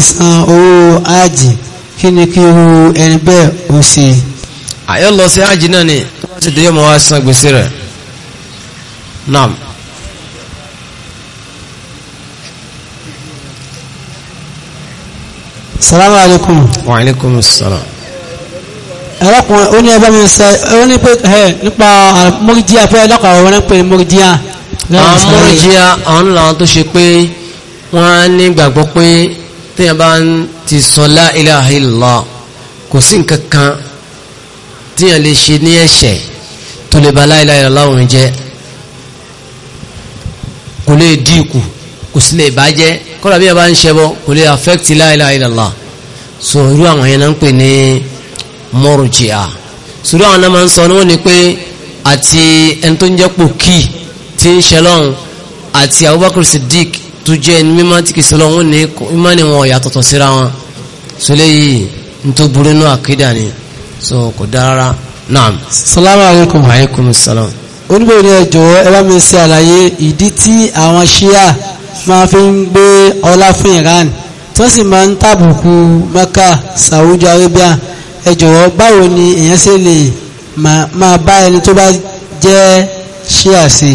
san owó hajj kí ni kí irú àyọ lọ sí hajj náà ni wọ́n ti dẹ́yọ́ mọ́ wá san gbèsè rẹ̀ naam. salamu alaikum. wa alaikum salam. ẹ̀rọ kun ó ní ẹgbẹ́ mi sẹ ó ní pé ẹ nípa mọ́gídíà pé ẹlọ́kọ̀ ọ̀rọ̀ wọn pè ní mọ́gídíà. àwọn mọ́gídíà làwọn tó ṣe pé wọ́n á pé téèyàn bá ti sọ la kò sí nǹkan kan tíyàn lè ṣe ní ẹ̀ṣẹ̀ tó lè ba láìláì láwọn jẹ́ kò lè dín kù kò sì lè bàjẹ́ kọ́ra bí ẹ bá ń ṣẹbọ kò lè affect láìláì lọ́la so irú àwọn yẹn náà ń pè ní mọ́rùjìá sùúrù àwọn náà máa ń sọ ní wọ́n ni pé àti ẹni tó ń jẹ́ pòkì tí ń ṣe lọ́hùn àti Abubakar Siddiq tó jẹ́ ẹni mímọ́ tí kì í ṣe lọ́hùn ní mímọ́ ni wọn ọ̀yà tọ̀tọ̀ síra wọn so léyìí tó burú náà àkídà ni so kò dára naam. salamu alaykum aleykum salam. oníbẹ̀rẹ̀ ẹ jọ̀wọ́ ẹ bá mi ṣe àlàyé ìdí tí àwọn ṣíà máa fi ń gbé ọlá fún Iran tí wọ́n sì máa ń tàbùkù Mecca Saudi Arabia ẹ jọ̀wọ́ báwo ni èèyàn ṣe lè máa bá ẹni tó bá jẹ́ ṣíà sí i.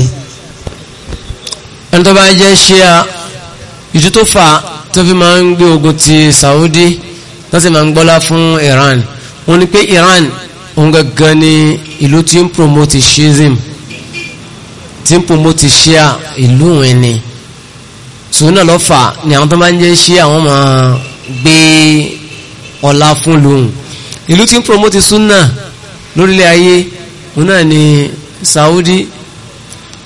ẹni tó bá jẹ́ ṣíà ìdí tó fà tó fi máa ń gbé ogun ti Saudi tó sì máa ń gbọ́lá fún Iran wọ́n ní pé Iran òun gangan ni ìlú tí ń promote Shiism tí ń promote Shia ìlú òun ni sùn náà lọ ni àwọn tó máa ń jẹ́ Shia àwọn máa gbé ọlá fún lòun ìlú tí ń promote sunna lórílẹ̀ ayé òun náà ni Saudi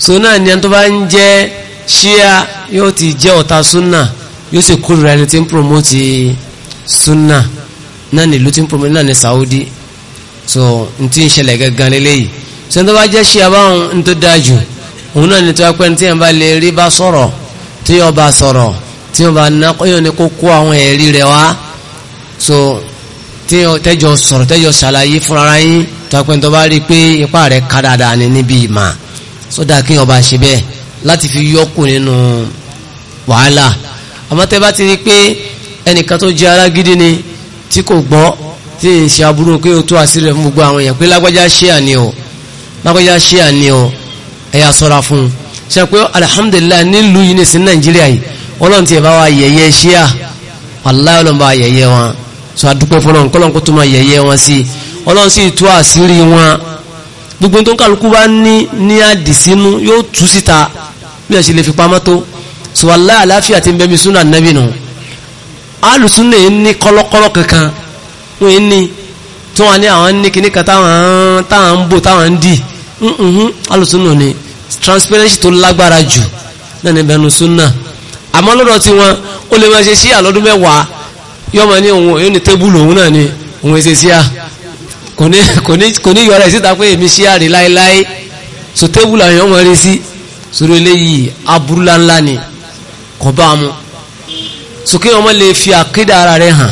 sùn náà ni àwọn tó bá ń jẹ́ Shia yóò ti jẹ́ ọ̀tá sunna yóò sì kórìíra ẹni tí ń promote sunna náà ní ìlú tí ń promote náà ní Saudi so n ti ń ṣẹlẹ̀ gangan lélẹ́yìí so n tó bá jẹ́ ṣe abáhùn n tó dáa jù òun náà ní tó pẹ́ ní tí yẹn bá lè rí bá sọ̀rọ̀ tí yóò bá sọ̀rọ̀ tí yóò bá ná yóò ní kó kó àwọn ẹ̀rí rẹ̀ wá so tí yóò tẹ́jọ sọ̀rọ̀ tẹ́jọ ṣàlàyé fúnra ara yín tó pẹ́ ní tó bá rí pé ipá rẹ̀ ká dáadáa ní níbi ìmà sódà kí yóò bá ṣe bẹ́ẹ̀ láti fi yọ́kù nínú wàhálà àmọ́ tẹ́ bá ti rí pé ẹnìkan tó jẹ́ alágídí ni tí kò gbọ́ tí èyí ṣe aburú pé o tó àṣírí rẹ̀ fún gbogbo àwọn èèyàn pé lágbájá ṣé àní o lágbájá ṣé àní o ẹ̀yà sọ́ra fún un ṣe pé alihamdulilayi nílùú yìí nìsín nàìjíríà yìí ọlọ́run ti ẹ̀ bá wa yẹ̀yẹ́ ṣé à wàláyé ọlọ́run bá yẹ̀yẹ́ wọn sọ àdúpẹ́ fọlọ́run kọ́lọ́n kó tó máa yẹ̀yẹ́ wọn sí ọlọ́run sì tú àṣírí wọn gbogbo tó ń kálukú bá ní ní àdìsínú yóò tú síta bí ẹ̀ ṣe lè fi pamọ́ tó sọ wàláyé àláfíà ti ń bẹ́mi súnà alùsùnà ní kọ́lọ́kọ́lọ́ kankan wọ́n ní tí wọ́n ní àwọn ní kìíní kan táwọn ń bò táwọn ń dì alùsùnà ní transparency tó lágbára jù náà ní bẹnu súnà àmọ́ lọ́dọ̀ tí wọ́n ó lè máa ṣe ṣíà lọ́dún mẹ́wàá yọ́mọ ní òun yóò ní tébùlù òun náà ní òun ṣe ṣíà kò ní yọra ìsíta pé èmi ṣíà rí láéláé so tébùlù àwọn èèyàn mọ̀ sí sórí eléyìí aburú ńláńlá ni kò bá mu sókè ọmọ lè fi àkídà ara rẹ̀ hàn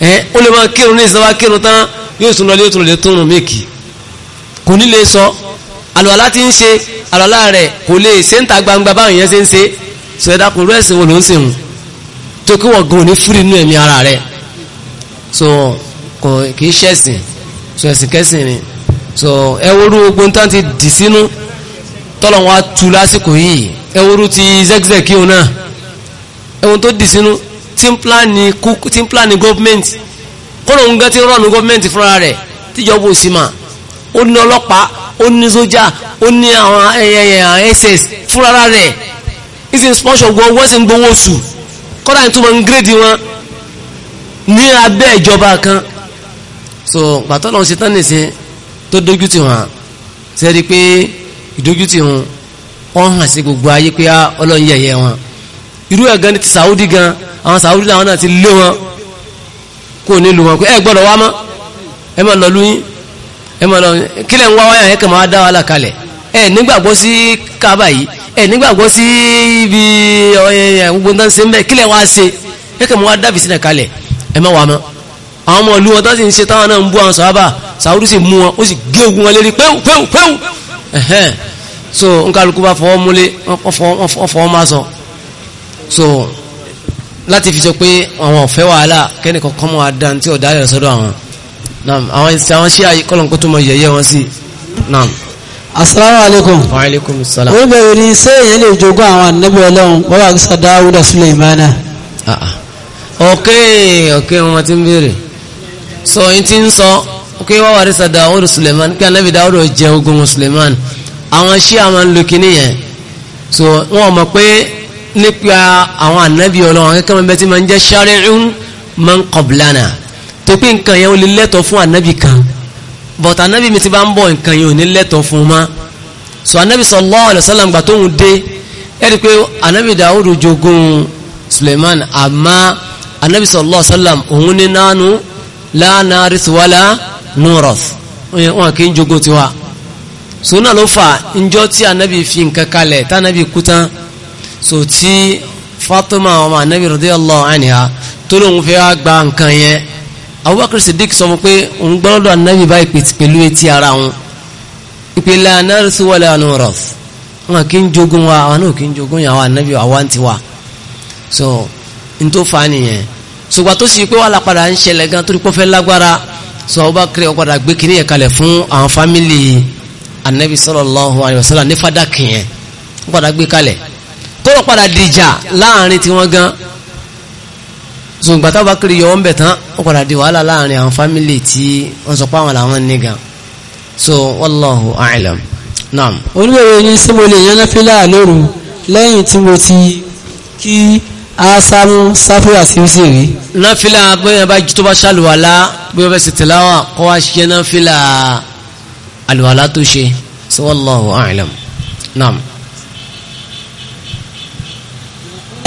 ẹ ó lè máa kírun ní ìsọwá kírun tán yóò tún lọlé yóò tún lè tún rùn méèkì kò ní lè sọ àlùwàlá ti ń ṣe àlùwàlá rẹ̀ kò lè ṣe ń ta gbangba báwọn yẹn ṣe ń ṣe sọ kò rú ẹ̀sìn wo ló ń ṣe hùn tó kí wọ́n gan ní fúri nínú ẹ̀mí ara rẹ̀ so kò kì í ṣẹ̀sìn so ẹ̀sìn kẹ́sìn ni so ẹ wúru ogun tán ti dì sínú tọ́lọ̀ wọn tu lásìkò yìí ẹ wúru ti zẹ́gzẹ́ kí òun náà ẹ̀wọ̀n tó dì sínú tí ń pláàni tí ń pláàni gọ́ọ̀mẹ́ntì kọ́nà òun gan ti ń rọ̀nù gọ́ọ̀mẹ́ntì fúnra rẹ̀ tíjọba ò sì mà ó ní ọlọ́pàá ó ní sójà ó ní àwọn ss fúnra rẹ̀ ìsì ń spọ́nṣọ̀ gbọ́ wọ́n sì ń gbowó oṣù kọ́nà ìtumọ̀ ń gírèdì wọn ní abẹ́ ìjọba kan so pàtó lọ́n ṣe tán nìsín tó dójú tì wọ́n sẹ́ni pé ìdójú tì wọ́n wọ́n hàn sí gbogbo ayé pé ah, ọlọ́run yẹ̀yẹ́ wọn irú ẹ̀ gan ni ti Saudi gan àwọn Saudi làwọn náà ti lé wọn kó nílùú wọn pé ẹ gbọ́dọ̀ wá mọ́ ẹ máa lọ lóyún ẹ máa lọ kílẹ̀ ń wá wáyà ẹ kàn máa dá wàhálà kalẹ̀ ẹ nígbàgbọ́ sí Kaaba yìí ẹ nígbàgbọ́ sí ibi gbogbo nǹkan ṣe ń bẹ kílẹ̀ wá ṣe ẹ kàn máa dábìsí náà kalẹ̀ ẹ máa wà mọ́ àwọn ọmọ ìlú wọn tó sì ń ṣe táwọn náà ń bú àwọn sọ̀rọ̀ bá sì mú wọn ó sì gé ogun wọn lérí pẹ́wù pẹ́wù pẹ́wù so nkálukú bá fọwọ́ múlé wọ́n fọwọ́ máa sọ so láti fi sọ pé àwọn ọ̀fẹ́ wàhálà kẹ́nìkan kọ́ mọ́ adá tí ọ̀dá rẹ̀ sọ́dọ̀ àwọn naam àwọn ìsìn àwọn ṣé àyè kọ́lọ̀ ń kó tó mọ yẹ̀yẹ́ wọn sí naam. asalaamualeykum. wa aleykum salaam. wọ́n bẹ̀rẹ̀ ní ṣé èèyàn lè jogún àwọn ànábì ọlọ́run bàbá àgbẹ̀sà dáwúdà suleimana. Ah, ah. ọ̀kẹ́ ọ̀kẹ́ wọn ti ń béèrè sọ yín ti ń sọ ọ̀kẹ́ wà wà rẹ̀sà dáwúdà suleimana kí ànábì dáwúdà jẹ ogun suleimana àwọn ṣé àwọn lókè nìyẹn so wọn mọ̀ pé nípa àwọn ànábì ọlọ́run akẹ́kọ̀ọ́ mẹ́bẹ́ tí ma ń jẹ́ shari'un man qablana tó pé nǹkan yẹn ó lè lẹ́tọ̀ fún ànábì kan but ànábì mi ti bá ń bọ̀ nǹkan yẹn ò ní lẹ́tọ̀ fún ma so ànábì sallallahu alaihi wasallam gbà tóun dé ẹ̀rí pé ànábì Dáúdù jogún Suleiman àmá ànábì sallallahu alaihi wasallam òun ní nánú la narith wala nurath wọn kì í jogún tiwa so náà ló fà ńjọ́ tí ànábì fi nǹkan kalẹ̀ tá kú tán so tí Fatima ọmọ anabi radiyallahu anha tó lóun fẹ́ wá gba nǹkan yẹn Abubakar Siddiq sọ pé òun gbọ́dọ̀ anabi báyìí pẹ̀lú etí ara wọn ìpìlẹ̀ anárùsí wọlé anúrọ̀f wọn kì í jogun wa àwọn náà kì í jogun yàwọn anabi àwọn ti wa so n tó fa nìyẹn ṣùgbọ́n tó sì pé wàhálà padà ń ṣẹlẹ̀ gan torí pé ó lágbára so Abubakar ọ̀padà gbé kínní yẹn kalẹ̀ fún àwọn fámìlì anabi sallallahu alayhi wa sallam ní fàdákì yẹn gbé kalẹ̀ tọ́rọ padà dìjà láàrin tí wọ́n gan ṣùgbà tábà kiri yọ wọ́n bẹ̀ tán ó padà di wàhálà láàrin àwọn fámìlì tí wọ́n sọ pé àwọn làwọn ní gan so wallahu a'lam naam. oníbẹ̀rẹ̀ ni ṣé mo lè yan náfìlà lóru lẹ́yìn tí mo ti kí asamu sáfù àti ìṣèrí. náfìlà bóyá bá tó bá ṣàlùwàlá bóyá bá ṣe tìláwà kó wá ṣiṣẹ́ náfìlà àlùwàlá tó ṣe so wallahu a'lam naam.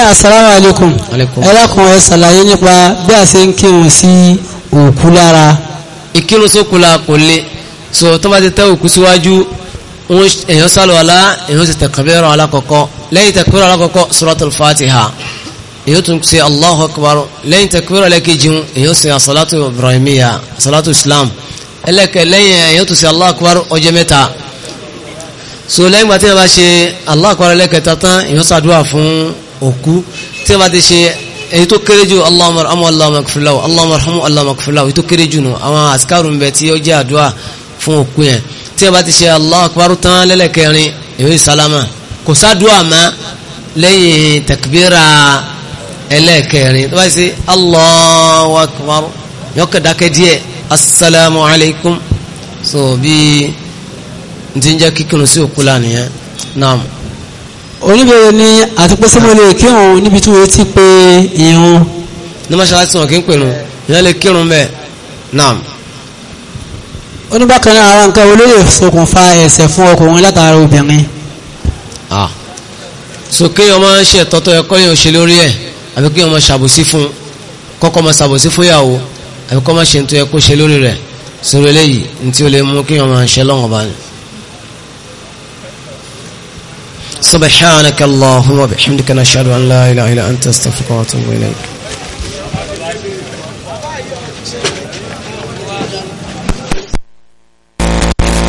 asalaamu aleykum ẹlẹ́kùn ẹ ṣàlàyé nípa bí a ṣe ń kírun sí òkú lára. ìkírun sókun la kò le so tó bá ti tẹ òkú síwájú èèyàn sálọ ọlá èèyàn ti tẹkọbẹrọ alákọ̀ọ́kọ́ lẹ́yìn tẹkọbẹrọ alákọ̀ọ́kọ́ suratul fatiha èèyàn tún ṣe allahu akbar lẹ́yìn tẹkọbẹrọ lẹkẹjì èèyàn ṣe asalatu ibrahimiya asalatu islam ẹlẹkẹ lẹ́yìn èèyàn tún ṣe allahu akbar ọjọ́ mẹ́ta so lẹ́yìn gbàtí yẹn bá ṣe allahu akbar ẹlẹkẹta tán èèyàn ṣàdúrà fún òkú tí wọ́n ti ṣe èyí tó kéré jù allahumma arhamu allahumma akfirlahu allahumma arhamu allahumma akfirlahu èyí tó kéré jù nù àwọn àsìkárù ń bẹ tí ó jẹ́ àdúrà fún òkú yẹn tí wọ́n ti ṣe allahu akbar tán lẹ́lẹ́kẹrin èyí sálámà kò sádùá mọ́ bá ṣe allahu akbar díẹ̀ assalamu alaikum so bí n ti ń jẹ́ kíkùn sí òkú lánìyẹn náà oníbèrè ni àti pé sẹ́mọ́ lè kírun níbi tí wọ́n ti pé irun. ní mọ́ṣáláṣí wọn kì í pèrún ìyá lè kírun bẹ́ẹ̀ náà. oníbàkan náà àwọn nǹkan olóyè ṣokùnfà ẹ̀ṣẹ̀ fún ọkùnrin látara obìnrin. sókè ọmọ ń ṣe ẹ̀tọ́ tó yẹ kọ́ yẹn ò ṣe lórí ẹ̀ àbí kí ọmọ ṣàbòsí fún kọ́kọ́ ọmọ ṣàbòsí fún ìyàwó àbí kọ́ ọmọ ṣe ń tó yẹ kó ṣe lórí rẹ̀ sórí eléyìí ní tí ó lè mú kí ọmọ ṣe lọ́wọ́ bá سبحانك اللهم وبحمدك نشهد أن لا إله إلا أنت استغفرك وأتوب إليك